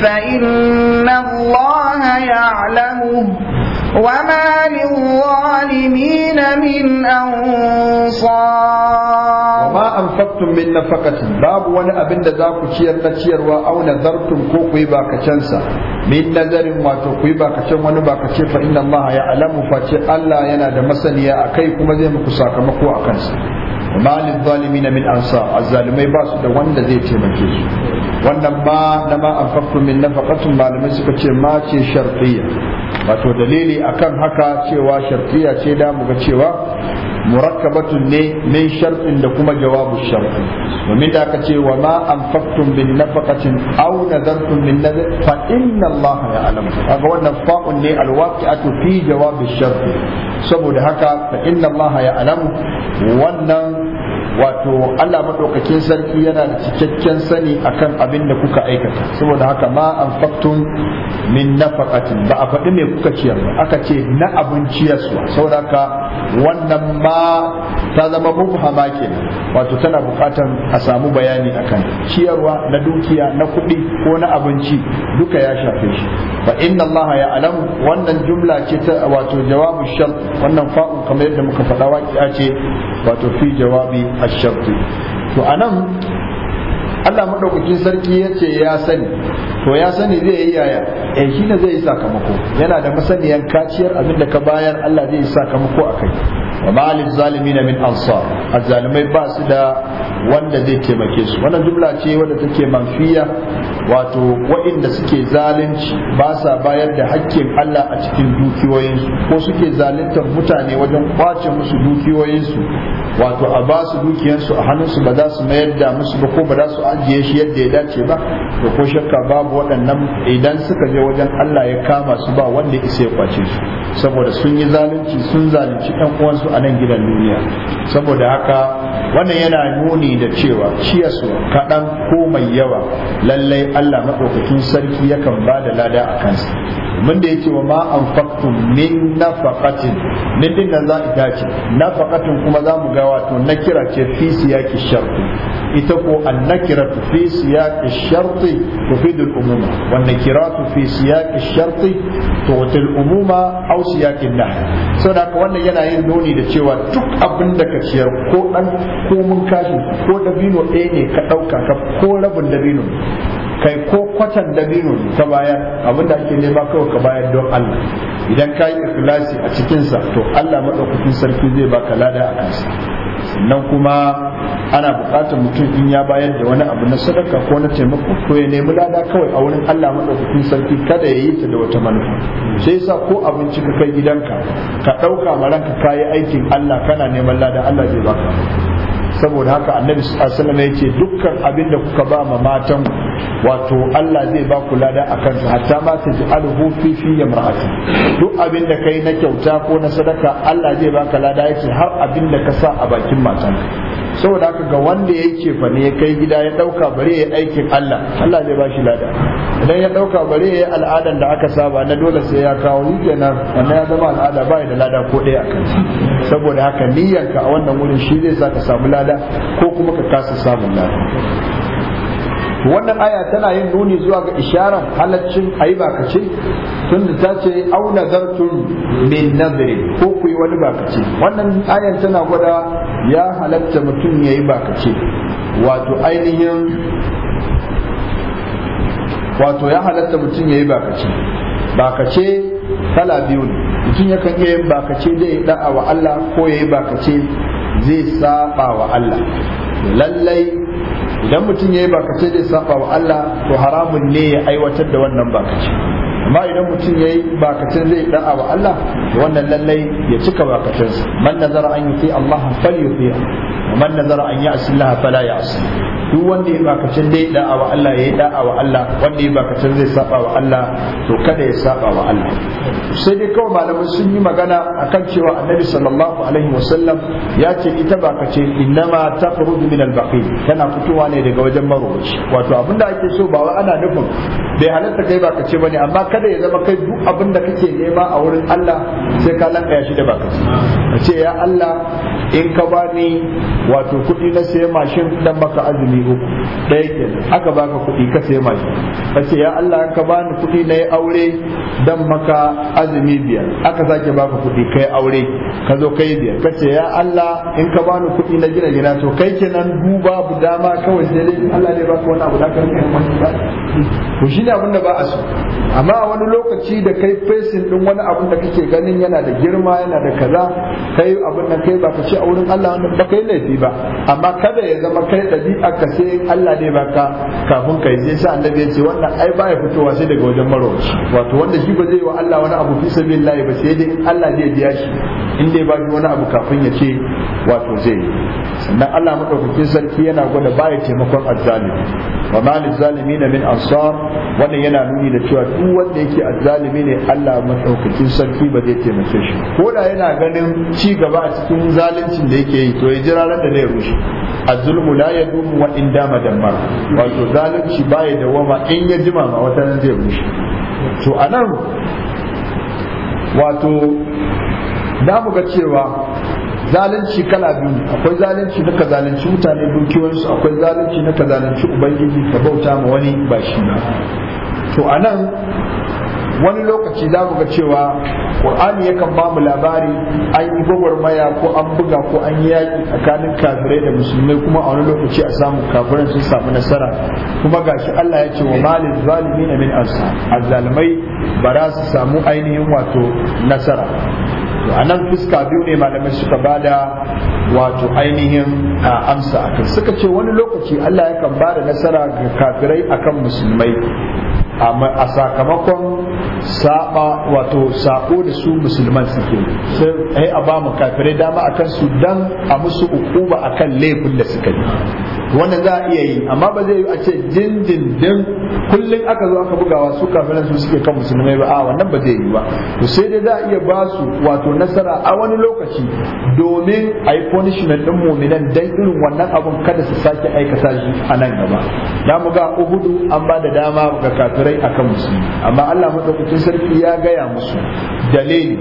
فإن الله يعلمه وما للظالمين من أنصار وما أنفقتم من نفقة باب وانا أبن ذاك شير نشير أو نذرتم كوكوي باك شنسا من نذر ما توكوي باك شن وانا باك فإن الله يعلم فاتي ألا ينادى مسنيا أكيكم زي مكساك مكوا أكنسا وما للظالمين من أنصار الظالمين باسد وانا زي تيمكيش wannan ma na ma anfaqtum min nafaqatin malamai suka ce ma ce sharfiya. wato dalili akan haka cewa sharfiya ce da muga cewa murakkabatun ne min sharfin da kuma jawabu sharfi. domin da aka ce wa ma anfaqtum min nafaqatin aw zartun min nadar fa inna Allah ya'lamu kaga wannan fa'un ne ato fi jawabi sharfi. saboda haka fa inna Allah ya'lamu wannan wato Allah madaukakin sarki yana da cikakken sani akan abin da kuka aikata saboda haka ma anfaqtum min nafaqatin ba a faɗi me kuka ciyar ba aka ce na abin ciyarsuwa saboda wannan ma ta zama mubhama kenan wato tana buƙatar a samu bayani akan ciyarwa na dukiya na kuɗi ko na abinci duka ya shafe shi fa inna allaha ya alamu wannan jumla ce ta wato jawabu shart wannan fa'un kamar yadda muka faɗa waƙiya ce wato fi jawabi ash to anan Allah madaukakin sarki ya ce ya sani to ya sani zai yi yaya eh shi ne zai yi sakamako yana da masaniyan kaciyar abin da ka bayar Allah zai yi sakamako a kai wa ma'alil zalimin min ansar azalimai ba su da wanda zai taimake su wannan jumla ce wanda take manfiya wato waɗanda suke zalunci ba sa bayar da hakkin Allah a cikin dukiyoyinsu ko suke zaluntar mutane wajen kwace musu dukiyoyinsu wato a ba su dukiyarsu a su ba za su mayar da musu ba ko ba za su ajiye shi yadda ya dace ba to ko shakka babu waɗannan idan suka je wajen Allah ya kama su ba wanda isa ya kwace su saboda sun yi zalunci sun zalunci ɗan uwansu su a nan gidan duniya saboda haka wannan yana nuni da cewa su kaɗan ko mai yawa lallai Allah maɗaukakin sarki yakan ba da lada a kansa Munda da yake wa ma anfaqtum min nafaqatin min din nan za ta ce nafaqatin kuma za mu ga wato nakira ce fi siyaqi sharti ita ko an nakiratu fi siyaqi sharti tufidu al umuma wan nakiratu fi siyaqi sharti tuwati al umuma aw siyaqi nahy saboda haka wannan yana yin nuni da cewa duk abinda da ka ciyar ko dan ko mun kashi ko dabino ɗaya ne ka ɗauka ka ko rabin dabino kai ko kwatan dabino ta bayar abinda ake nema kawai ka bayar don Allah idan ka yi ikhlasi a cikinsa to Allah maɗaukakin sarki zai baka lada a kansa sannan kuma ana buƙatar mutum in ya bayar da wani abu na sadaka ko na taimako ko ya nemi lada kawai a wurin Allah madaukakin sarki kada ya yi ta da wata manufa sai yasa ko abinci ka kai gidanka ka ɗauka maranka ka yi aikin Allah kana neman lada Allah zai baka saboda haka annabi sallallahu alaihi yake dukkan abin da kuka ba ma matan wato Allah zai ba ku lada akan su hatta ma ta alhu fi fi yamraati duk abin da kai na kyauta ko na sadaka Allah zai baka lada yake har abin da ka sa a bakin matan saboda haka ga wanda yake fa ne kai gida ya dauka bare ya aikin Allah Allah zai bashi lada idan ya dauka bare ya al'adan da aka saba na dole sai ya kawo ni kenan wannan ya zama al'ada ba da lada ko ɗaya a shi saboda haka niyyanka a wannan wurin shi zai sa ka samu lada ko kuma ka kasa samun lada wannan aya tana yin nuni zuwa ga isharar halaccin ayi bakace tunda ta ce au nazartum min nazri ko ku yi wani bakaci wannan ayan tana gwada ya halatta mutum ya yi bakaci wato ainihin wato ya halatta mutum ya yi bakaci bakace kala biyu ne mutum yakan iya yin bakace zai da'a wa Allah ko ya yi bakace zai saba wa Allah lallai idan mutum ya yi bakace zai saba wa Allah to haramun ne ya aiwatar da wannan bakace amma idan mutum ya yi bakacin zai da'a wa Allah wannan lallai ya cika bakacinsa man nazara an yi fi Allah yufi man nazara an ya'si Allah fala ya'si duk wanda ya baka can dai da'a wa Allah ya da'a wa Allah wanda ya baka can zai saba wa Allah to kada ya saba wa Allah sai dai kawai malamai sun yi magana akan cewa annabi sallallahu alaihi wasallam ya ce ita baka ce ma takhruju min al tana fitowa ne daga wajen marowaci wato abinda ake so ba wai ana nufin bai halatta kai baka ce bane amma kada ya zama kai duk abinda kake nema a wurin Allah sai ka lankaya shi da baka ce ya Allah in ka bani wato kuɗi na sayan mashin dan baka azumi ɗari uku ɗaya ke aka baka kuɗi ka sai mashin ka ce ya Allah ka bani kudi na yi aure dan maka azumi biyar aka sake baka kuɗi kai aure ka zo kai biyar ka ce ya Allah in ka bani kuɗi na gina gina to kai kenan du babu dama kawai sai dai in Allah ne baka wani abu da ka yi yin ba to shine abin da ba a so amma wani lokaci da kai fesin din wani abu da kake ganin yana da girma yana da kaza kai abin nan kai ba ka ce a wurin Allah wannan ba kai laifi ba amma kada ya zama kai bi ka haka sai Allah dai baka kafin kai sai sa annabi ya ce wannan ai baya fitowa sai daga wajen marowaci wato wanda shi ba zai wa Allah wani abu fi sabilillah ba sai dai Allah zai biya shi in dai ba shi wani abu kafin ya ce wato zai sannan Allah madaukakin sarki yana gwada baya taimakon azzalimi wa malil zalimin min ansar wannan yana nuni da cewa duk wanda yake azzalimi ne Allah madaukakin sarki ba zai taimake shi ko da yana ganin ci gaba a cikin zaluncin da yake yi to ya jira ran da zai rushe azzulmu la yadumu wa in dama dammar wato zalunci baya da wama in ya jima ma wata nan zai rushe to anan wato da mu ga cewa zalunci kala biyu akwai zalunci na ka zalunci mutane dukiyoyinsu akwai zalunci na ka zalunci ubangiji ka bauta ma wani ba shi ba to anan wani lokaci za ku ga cewa ƙur'ani yakan ba mu labari an yi gwagwarmaya ko an buga ko an yi yaƙi tsakanin kafirai da musulmai kuma a wani lokaci a samu kafirai sun samu nasara kuma gashi Allah ya ce wa malin na min azzalimai ba za su samu ainihin wato nasara a nan fuska biyu ne malamai suka bada wato ainihin amsa a kan suka ce wani lokaci Allah ya yakan bada nasara ga kafirai akan musulmai a sakamakon saba wato sako da su musulman suke sai ai a ba mu kafirai dama akan su dan a musu ukuba akan laifin da suka yi wannan za a iya yi amma ba zai yi a ce jinjin din kullum aka zo aka bugawa su kafin su suke kan musulmai ba a wannan ba zai yi ba to sai dai za a iya ba su wato nasara a wani lokaci domin a yi punishment din muminan dan irin wannan abun kada su sake aikata shi a nan gaba da mu ga uhudu an ba da dama ga kafirai kan musulmi amma Allah madaukakin sarki ya gaya musu dalili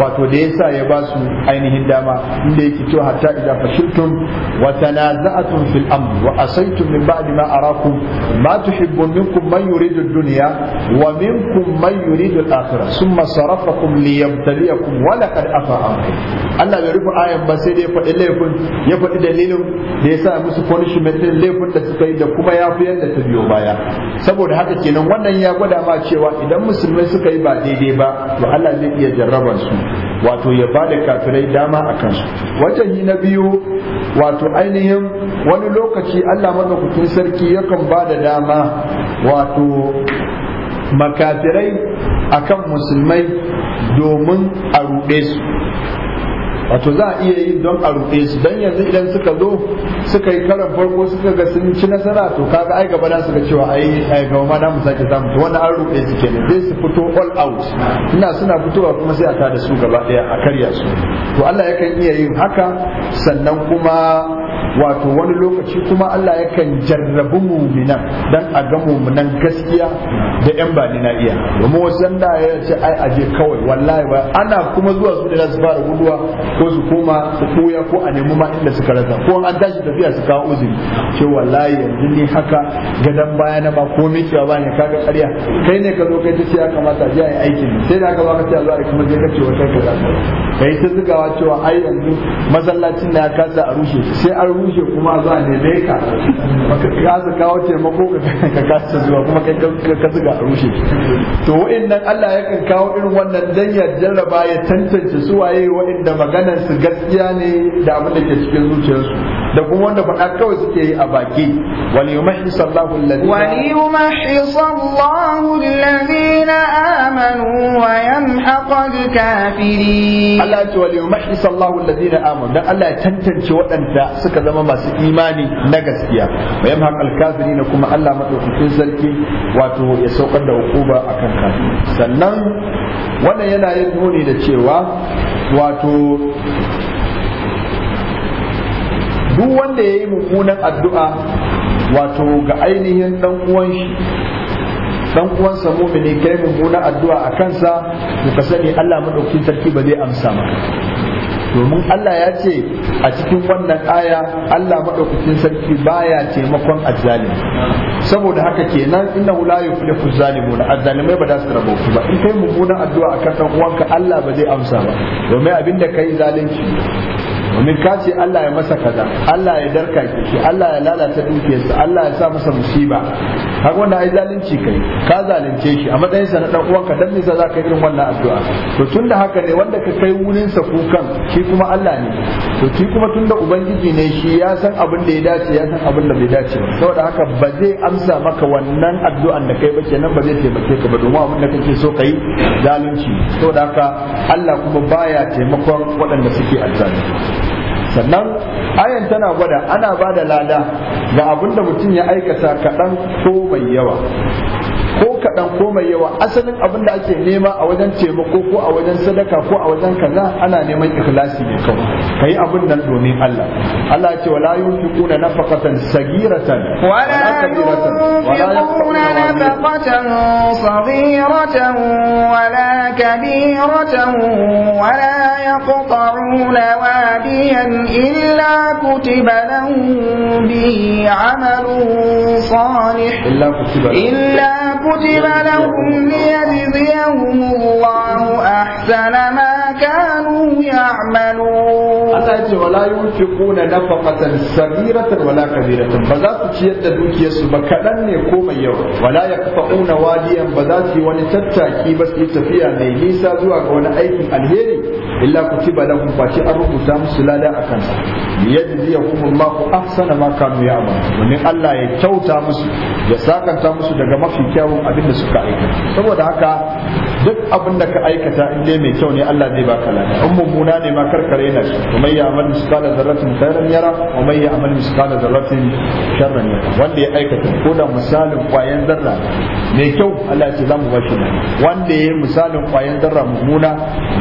wato da yasa ya ba su ainihin dama inda yake cewa hatta idan fashiltum wa tanaza'atun fil amr wa asaytum min ba'di ma arakum ma tuhibbun minkum minkum man yuridu ad-dunya wa minkum man yuridu al-akhirah summa sarafakum liyabtaliyakum wa laqad afa ankum Allah bai rufe ayan ba sai dai ya faɗi dalilin da ya sa musu punishment din laifin da suka yi da kuma yafi yadda ta biyo baya saboda haka kenan wannan ya gwada ma cewa idan musulmi suka yi ba daidai ba to Allah zai iya jarrabar su wato ya ba da kafirai dama a kansu wajen na biyu wato ainihin wani lokaci allah madaukakin sarki yakan ba da dama wato makafirai akan musulmai domin a ruɗe su wato za a iya yi don a rufe su don yanzu idan suka zo suka yi karan farko suka ga sun ci nasara to kaga ai gaba da su ga cewa ai ai gaba ma da mu sake samu to wannan an rufe su kenan sai su fito all out ina suna fitowa kuma sai a tada su gaba daya a karya su to Allah yakan iya yin haka sannan kuma wato wani lokaci kuma Allah yakan jarrabu muminan dan a ga muminan gaskiya da yan bani na iya domin wasu da ya ce ai aje kawai wallahi ba ana kuma zuwa su da su fara guduwa ko su koma su koya ko a nemi ma inda suka rasa ko an tashi tafiya su kawo uzuri ce wallahi yanzu ni haka gadan baya na ba ko cewa ba ne kaga ƙarya kai ne ka zo kai ta ce ya kamata je a yi aikin sai da ka ba ka ce Allah kuma je ka ce wata kaza kai ta zugawa cewa ai yanzu masallacin da ya kasa a rushe sai a rushe kuma za a neme ka ka su kawo taimako ka kasa zuwa kuma kai ka zuga a rushe to wa'annan Allah yakan kawo irin wannan dan ya jarraba ya tantance su waye wa'anda maganar su gaskiya ne da abin da ke cikin zuciyarsu da kuma wanda faɗa kawai suke yi a baki Wani wal yumahhi sallahu Wani wal yumahhi sallahu alladhina amanu wa yamhaqa al-kafirin Allah ya ce wal yumahhi sallahu alladhina amanu don Allah ya tantance waɗanda suka zama masu imani na gaskiya wa haƙar al na kuma Allah madaukakin sarki wato ya saukar da hukuma kan kafin. sannan wannan yana yin nuni da cewa wato duk wanda ya yi mummunan addu'a wato ga ainihin ɗan uwan shi dan uwansa mummunan addu'a a kansa to ka sani Allah maɗauki sarki ba zai amsa ba domin Allah ya ce a cikin wannan aya Allah madaukakin sarki baya taimakon ajali. saboda haka kenan inna la yuflihu zalimun azzalimai ba za su rabo ba in kai mummunan addu'a akan kan uwanka Allah ba zai amsa ba domin abinda kai zalunci domin ka ce Allah ya masa kaza Allah ya darka shi Allah ya lalata dukiyarsa Allah ya sa masa musiba har wanda ai zalunci kai ka zalunce shi a matsayin sa na dan uwanka dan nisa zaka irin wannan addu'a to tunda haka ne wanda ka kai wurin sa kukan shi kuma Allah ne to shi kuma tunda ubangiji ne shi ya san abin da ya dace ya san abin da bai dace ba saboda haka ba zai amsa maka wannan addu'an da kai ba kenan ba zai taimake ka ba domin abin da kake so kai zalunci saboda haka Allah kuma baya taimakon waɗanda suke azzalunci sannan ayan tana gwada ana ba da lada ga abin da mutum ya aikata kaɗan ko mai yawa ko kaɗan ko mai yawa asalin abin da ake nema a wajen taimako ko a wajen sadaka ko a wajen kaza ana neman ikhlasi ne kawai kai abin nan domin Allah Allah ce wala yunfiquna nafaqatan saghiratan wala yunfiquna nafaqatan saghiratan wala kabiratan wala يقطعون واديا إلا كتب لهم به عمل صالح إلا كتب لهم ليجزيهم الله أحسن ما كانوا يعملون Allah ya ce wala yunfiquna nafaqatan sagiratan wala kabiratan ba za su ciyar da dukiyarsu ba kaɗan ne ko mai yawa wala yaqta'una wadiyan ba za su yi wani tattaki ba su yi tafiya mai nisa zuwa ga wani aikin alheri illa kutiba lahum fa an rubuta musu lada akan sa liyajziyahum Allahu ahsana ma kanu ba domin Allah ya kyauta musu ya sakanta musu daga mafi kyawun abin da suka aikata saboda haka duk abin da ka aikata in dai mai kyau ne Allah zai baka lada in mummuna ne ma karkare na shi kuma ya amal misqala dharratin khairan yara wa man ya'mal misqala dharratin sharran yara wanda ya aikata ko da misalin kwayan zarra mai kyau Allah ya ce zamu bashi wanda ya yi misalin kwayan zarra mummuna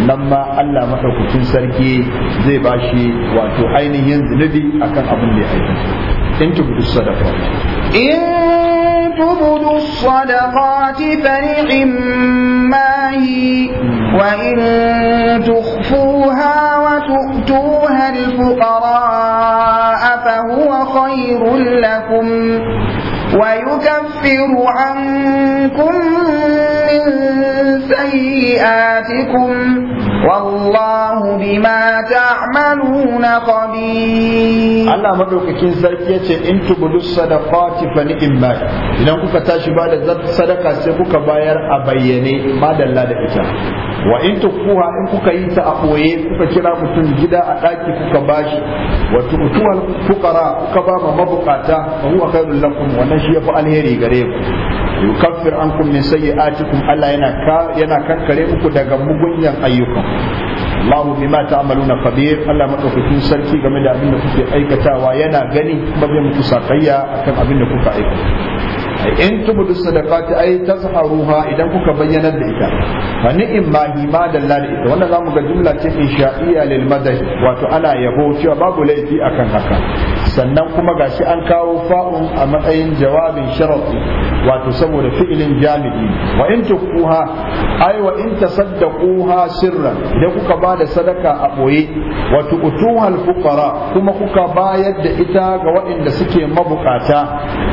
nan ma Allah Allah madaukakin sarki zai bashi wato ainihin zunubi akan abin da ya aikata. In tubudu sadaka. In tubudu sadaka ti fari mahi wa in tukfuha wa tuktuha al-fuqara fa huwa khairun lakum ويكفر عنكم من سيئاتكم والله بما تعملون خبير الله مدوكين sarki ce in tubudu sadaqati fa ni'ma idan kuka tashi ba da sadaka sai kuka bayar a bayyane madalla da ita wa in tukuha in kuka yi ta a boye kuka kira mutum gida a ɗaki kuka bashi wa tu'tuwal fuqara kuka ba ma mabukata huwa khairul lakum wannan shi yafi alheri gare ku yukaffir ankum min sayyi'atikum Allah yana yana kankare muku daga mugunyan ayyukan Allahu bima ta'maluna khabir Allah madaukakin sarki game da abin da kuke aikatawa yana gani kuma bai mutu sakayya akan abin da kuka aikata in tubudu sadaqati ay tazharuha idan kuka bayyanar da ita fa ni'im ma da dalla da ita wannan zamu ga jumla ce insha'iyya lil madahi wato ana yabo cewa babu laifi akan haka sannan kuma gashi an kawo fa'un a matsayin jawabin sharafi wato saboda fi'ilin jami'i wa in tukuha ay wa in tasaddaquha sirran idan kuka ba da sadaka a ɓoye wato utuhal fuqara kuma kuka bayar da ita ga waɗanda suke mabukata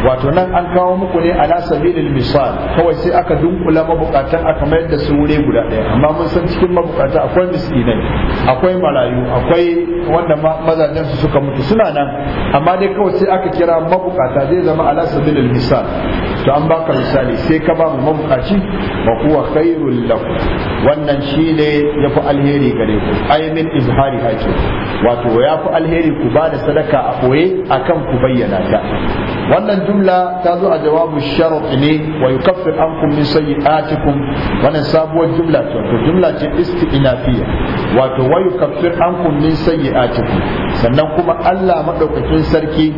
wato nan an kawo muku ne ala sabilil misal kawai sai aka dunkula mabukatan aka mayar da su wuri guda ɗaya amma mun san cikin mabukata akwai miskinai akwai marayu akwai wanda mazajen su suka mutu suna nan amma dai kawai sai aka kira mabukata zai zama ala sabilil misal to an baka misali sai ka ba mu mabukaci wa huwa khairul lakum wannan shine yafi alheri ga gare ku min izhari hakim wato ya fi alheri ku ba da sadaka a koye akan ku bayyana ta wannan jumla ta zo a jawabu sharaf ne wa yukaffir ankum min sayyi'atikum wannan sabuwar jumla ce wato jumla ce istinafiyya wato wa yukaffir ankum min sayyi'atikum sannan kuma Allah maɗaukakin sarki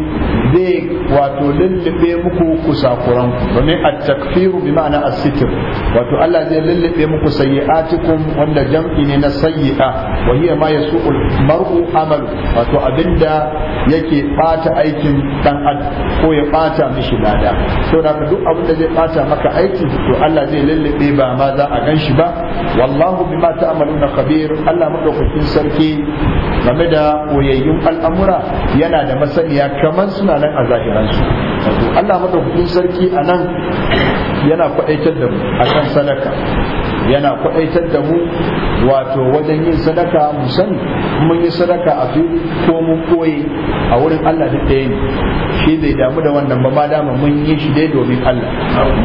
zai wato lullube muku kusakuran domin a takfiru bi ma'ana asitir wato Allah zai lullube muku sayyi'atikum wanda jam'i ne na sayyi'a wa hiya ma yasu'ul mar'u amalu wato abinda yake bata aikin dan adam ko ya bata mishi lada saboda duk abinda zai bata maka aiki to Allah zai lullube ba ma za a ganshi ba wallahu bima ta'maluna khabir Allah madaukakin sarki game da koyayyu cikin al'amura yana da masaniya kamar suna nan a zahiransu Allah madaukakin sarki a nan yana kwaɗaitar da mu akan sadaka yana kwaɗaitar da mu wato wajen yin sadaka mu sani mun yi sadaka a fili ko mun koye a wurin Allah duk ɗaya ne shi zai damu da wannan ba ma dama mun yi shi dai domin Allah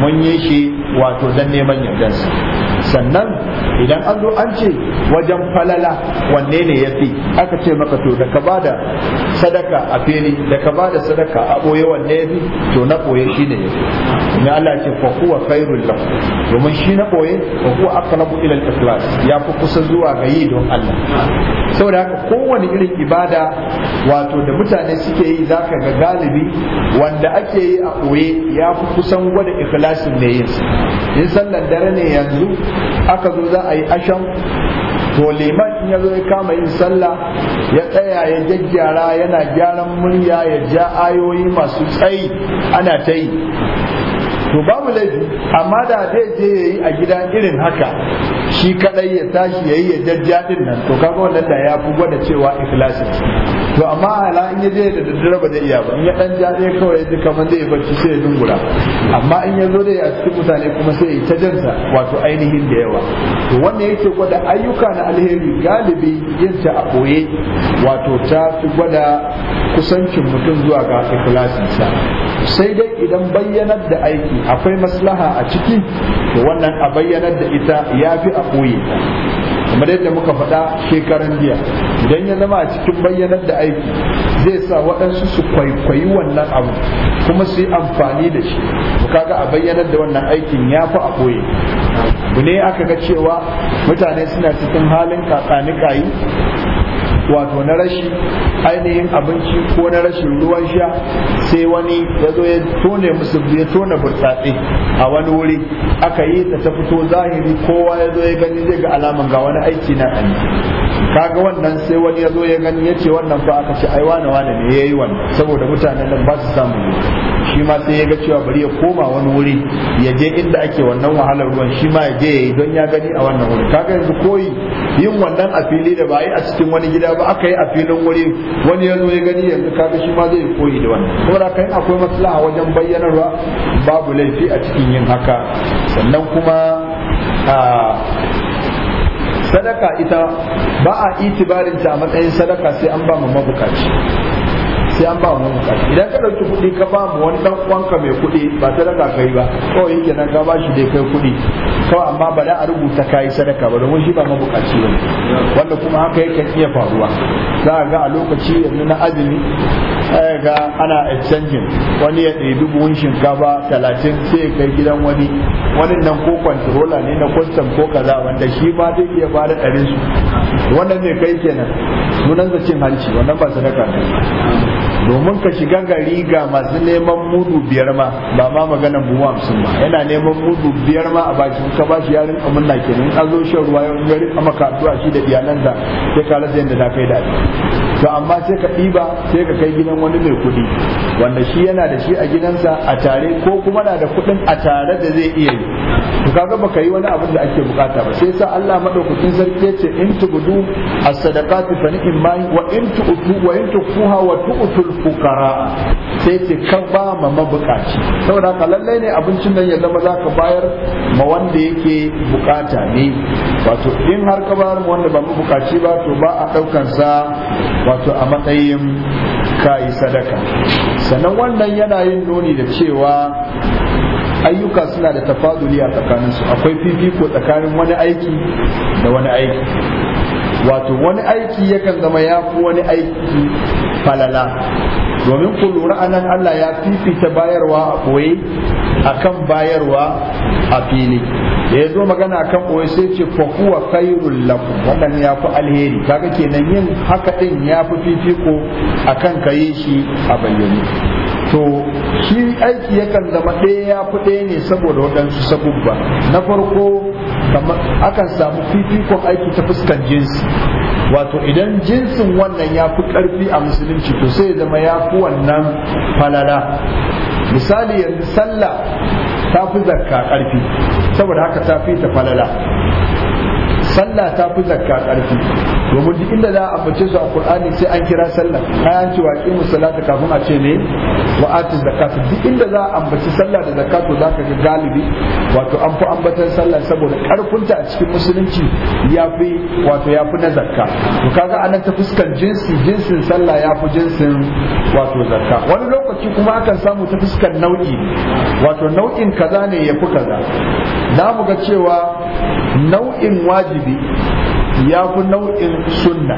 mun yi shi wato dan neman yardansa sannan idan an zo an ce wajen falala wanne ne ya fi aka ce maka to da ka ba da sadaka a fili da ka ba da sadaka a ɓoye wanne ya fi to na ɓoye shi ne ya fi ne Allah ce fa huwa khairul lahu domin shi na ɓoye fa huwa aqrabu ila al-ikhlas ya fi kusa zuwa ga yi don Allah saboda haka kowane irin ibada wato da mutane suke yi zaka ga galibi wanda ake yi a ɓoye ya fi kusan gwada ikhlasin ne yin in sallar dare ne yanzu aka zo za a yi ashan to liman in ya zo ya kama yin sallah ya tsaya ya jaggyara yana gyaran murya ya ja ayoyi masu tsayi ana ta yi to babu laifi amma da zai je ya yi a gida irin haka shi kadai ya tashi yayi ya jajjadin nan to kaga wannan da ya fi gwada cewa ikhlasi to amma ala in ya je da daddare ba zai iya ba in ya dan jaje dai kawai kaman kamar ya barci sai ya dungura amma in ya zo da a cikin mutane kuma sai ya ta jansa wato ainihin da yawa to wannan yake gwada ayyuka na alheri galibi yin ta a koye wato ta fi gwada kusancin mutum zuwa ga ikhlasinsa sai dai idan bayyanar da aiki akwai maslaha a ciki to wannan a bayyanar da ita ya fi a kamar yadda muka faɗa shekaran biya idan ya zama a cikin bayyanar da aiki zai sa waɗansu su kwaikwayi wannan abu kuma su yi amfani da shi kaga a bayyanar da wannan aikin ya fi a koyi. abu ne aka ga cewa mutane suna cikin halin kakani kayi wato na rashi ainihin abinci ko na rashin ruwan sha sai wani ya zo ya tone musu ya tona burtsatse a wani wuri aka yi ta ta fito zahiri kowa ya zo ya gani zai ga alaman ga wani aiki na an kaga wannan sai wani ya zo ya gani ya ce wannan fa aka ce ai wane wane ne ya yi wannan saboda mutanen nan ba su samu shi ma sai ya ga cewa bari ya koma wani wuri ya je inda ake wannan wahalar ruwan shi ma ya je ya yi don ya gani a wannan wuri kaga yanzu koyi yin wannan a fili da ba yi a cikin wani gida ba aka yi a filin wuri wani ya zo ya gani yanzu kaga shi ma zai koyi da wannan saboda kai akwai maslaha wajen bayyanarwa babu laifi a cikin yin haka sannan kuma sadaka ita ba a itibarinta a matsayin sadaka sai an ba mu mabukaci sai an ba mu bukata idan ka ɗauki kuɗi ka ba mu wani ɗan uwanka mai kuɗi ba daga kai ba kawai yake nan ka ba shi dai kai kuɗi kawai amma ba da a rubuta kayi sadaka ba domin shi ba mabuƙaci ba wanda kuma haka yake iya faruwa za a ga a lokaci yanzu na azumi ga ana exchange wani ya ɗebi buhun shinkafa talatin sai ya kai gidan wani wani nan ko kwantarola ne na kwastam ko kaza wanda shi ma zai iya bada ɗarin su wannan ne kai kenan sunan cin hanci wannan ba sadaka ne domin ka shiga gari ga masu neman mudu biyar ma ba ma maganan buhu hamsin ba yana neman mudu biyar ma a bakin ka bashi yarin amin na ke in azo shan ruwa yawon gari a makatuwa shi da iyalan da ya ka rasa da ta kai da daɗi to amma sai ka ɗiba sai ka kai gidan wani mai kuɗi wanda shi yana da shi a gidansa a tare ko kuma na da kuɗin a tare da zai iya yi to kaga baka yi wani abin da ake bukata ba sai sa Allah madaukakin sarki ya ce in tubudu as-sadaqati fa ni'mal wa in tu'tu wa in tukfuha wa tu'tul kukara sai ce kan ba ma mabukaci saboda haka lallai ne abincin nan ya zama zaka bayar ma wanda yake bukata ne wato in har ka bayar ma wanda ba mabukaci ba to ba a daukan sa wato a matsayin kayi sadaka sannan wannan yana yin noni da cewa ayyuka suna da tafaduli a tsakaninsu akwai fifiko tsakanin wani aiki da wani aiki wato wani aiki yakan zama ya fi wani aiki falala domin ku lura anan Allah ya fifita bayarwa a koyi akan bayarwa a fili da ya zo magana akan koyi sai ce fa huwa khairul lakum wannan ya fi alheri kaga kenan yin haka din ya fi fifiko akan kayi shi a bayyane to shi aiki yakan zama ɗaya ya fi ɗaya ne saboda waɗansu sabubba na farko akan samu fifikon aiki ta fuskan jinsi wato idan jinsin wannan ya fi ƙarfi a musulunci to sai zama ya fi wannan falala misali yanzu sallah ta fi zakka ƙarfi saboda haka ta fi ta falala sallah ta fi zakka ƙarfi domin duk inda za a ambace su a Qur'ani sai an kira sallah ai an ce wa aqimu salata kafin a ce ne wa atu duk inda za a ambaci sallah da zakka to zaka ga galibi wato an fi ambatan sallah saboda ƙarfinta a cikin musulunci ya fi wato ya fi na zakka to kaga anan ta fuskan jinsi jinsin sallah ya fi jinsin wato zakka wani sauki kuma akan samu ta fuskar nau'i wato nau'in kaza ne ya fi kaza za mu ga cewa nau'in wajibi ya fi nau'in sunna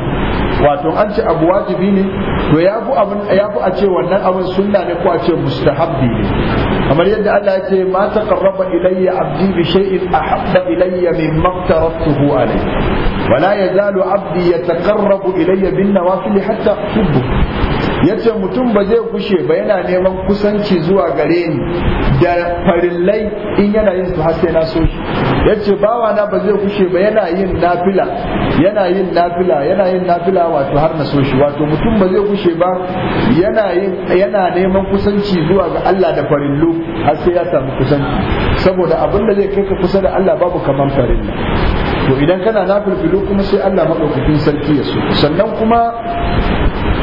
wato an ce abu wajibi ne to ya fi a ce wannan abin sunna ne ko a ce mustahabbi ne kamar yadda Allah ya ce ma taqarraba ilayya abdi bi shay'in ahabba ilayya mimma tarattuhu alayhi Wala la yazalu abdi yataqarrabu ilayya bin nawafil hatta uhibbu yace mutum ba zai kushe ba yana neman kusanci zuwa gare ni da farillai in yana yin su har sai na so shi yace bawa na ba zai kushe ba yana yin nafila yana yin nafila yana yin nafila wato har na so shi wato mutum ba zai kushe ba yana yin yana neman kusanci zuwa ga Allah da farillu har sai ya samu kusanci saboda abin da zai kai ka kusa da Allah babu kaman farilla to idan kana nafilfilu kuma sai Allah madaukakin sarki ya so sannan kuma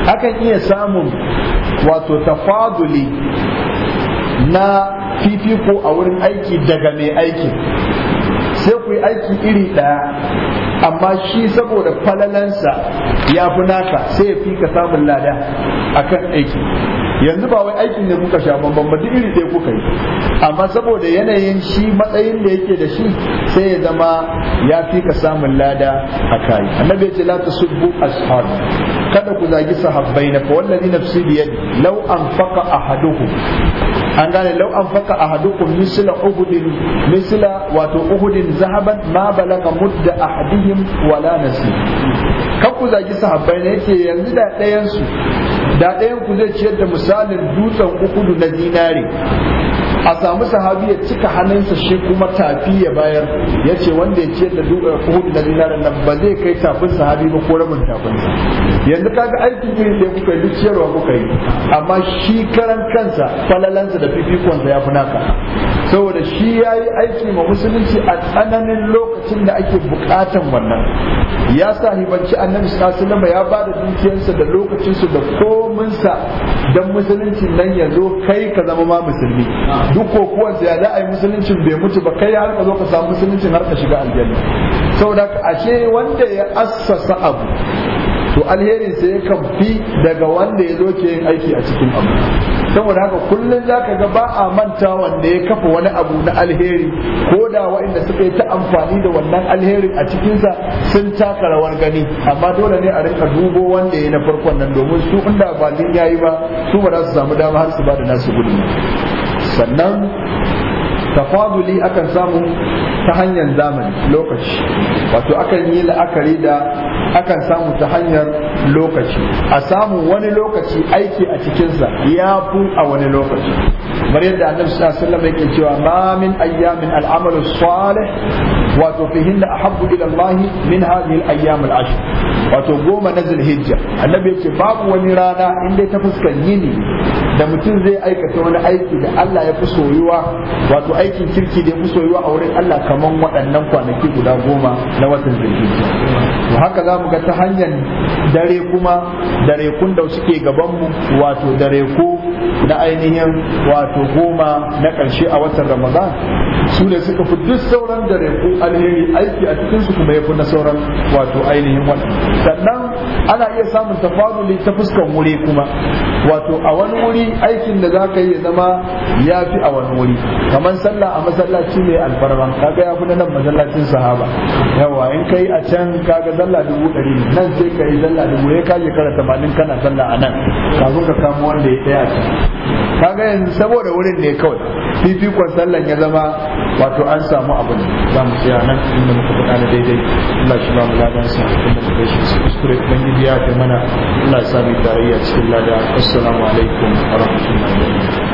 akan iya samun wato tafaduli na fifiko a wurin aiki daga mai aiki sai ku aiki iri ɗaya amma shi saboda falalansa ya fi naka sai ya fi ka samun lada akan aiki yanzu ba wai aikin ne kuka sha bambam ba duk iri ɗaya kuka yi amma saboda yanayin shi matsayin da yake da shi sai ya zama ya fi ka samun lada a kayi annabi ya ce la tasubbu ashab kada ku zagi sahabbai na fa wallazi nafsi bi yadi faka a ahadukum an gane law uhudin wato uhudin zahaban ma balaga mudda ahadihim wala nasi kan ku zagi sahabbai na yake yanzu da ɗayansu da ɗayan ku zai ciyar da misalin dutsen uhudu na zinari. a samu sahabi ya cika hannunsa shi kuma tafi ya bayar ya ce wanda ya ciyar da duka eh, hudu na dinarin nan ba zai kai tafin sahabi ba ko rabin tafinsa yanzu kaga aikin iri da kuka yi ciyarwa kuka yi amma shi karan kansa falalansa da fifikonsa ya fi naka saboda shi ya yi aiki ma musulunci a tsananin lokacin da ake bukatan wannan ya sa sahibanci annabi sallallahu ya ba da dukiyarsa da lokacinsu da kominsa don musulunci nan ya zo kai ka zama ma musulmi duk kokuwan ya a yi musuluncin bai mutu ba kai har ka zo ka samu musuluncin har ka shiga aljanna saboda ashe wanda ya assasa abu to alherin ya yakan fi daga wanda ya zo ke yin aiki a cikin abu saboda haka kullum za ka ga ba a manta wanda ya kafa wani abu na alheri ko da waɗanda suka yi ta amfani da wannan alherin a cikinsa sun taka rawar gani amma dole ne a rinka dubo wanda ya na farkon nan domin su inda ba ya yayi ba su ba za su samu dama har su ba da nasu gudunmawa sannan tafaduli akan samu ta hanyar zamani lokaci wato akan yi la'akari da akan samu ta hanyar lokaci a samu wani lokaci aiki a cikinsa ya fi a wani lokaci kamar yadda annabi sallallahu alaihi yake cewa ma min ayyamin al'amalu salih wato fihinna ahabbu ila Allah min hadhihi al-ayyam al-ashr wato goma na zulhijja annabi ya ce babu wani rana in dai ta fuskar yini da mutum zai aikata wani aiki da Allah ya fi soyuwa wato aikin kirki da ya fi soyuwa a wurin Allah kaman waɗannan kwanaki guda goma na watan zulhijja to haka za mu ga ta hanyar dare kuma dare kun da suke gaban mu wato dare ko na ainihin wato goma na ƙarshe a watan ramadan su ne suka fi duk sauran da reku alheri aiki a cikinsu kuma ya fi na sauran wato ainihin wata. sannan ana iya samun tafaduli ta fuskan wuri kuma wato a wani wuri aikin da zaka yi zama ya fi a wani wuri kamar sallah a masallaci mai alfarma kaga ya fi na nan masallacin sahaba yawa in kai a can kaga zalla dubu ɗari nan sai ka yi zalla dubu ya kaje kara tamanin kana zalla a nan kafin ka kamo wanda ya tsaya a can kaga yanzu saboda wurin ne kawai fifikon sallan ya zama wato an samu ne za mu tsaya nan inda muka faɗa na daidai Allah shi ba mu ladan sa kuma mu kai su kuskure ubangiji ya kai mana Allah ya sami tarayya cikin lada assalamu alaikum wa rahmatullahi wa barakatuh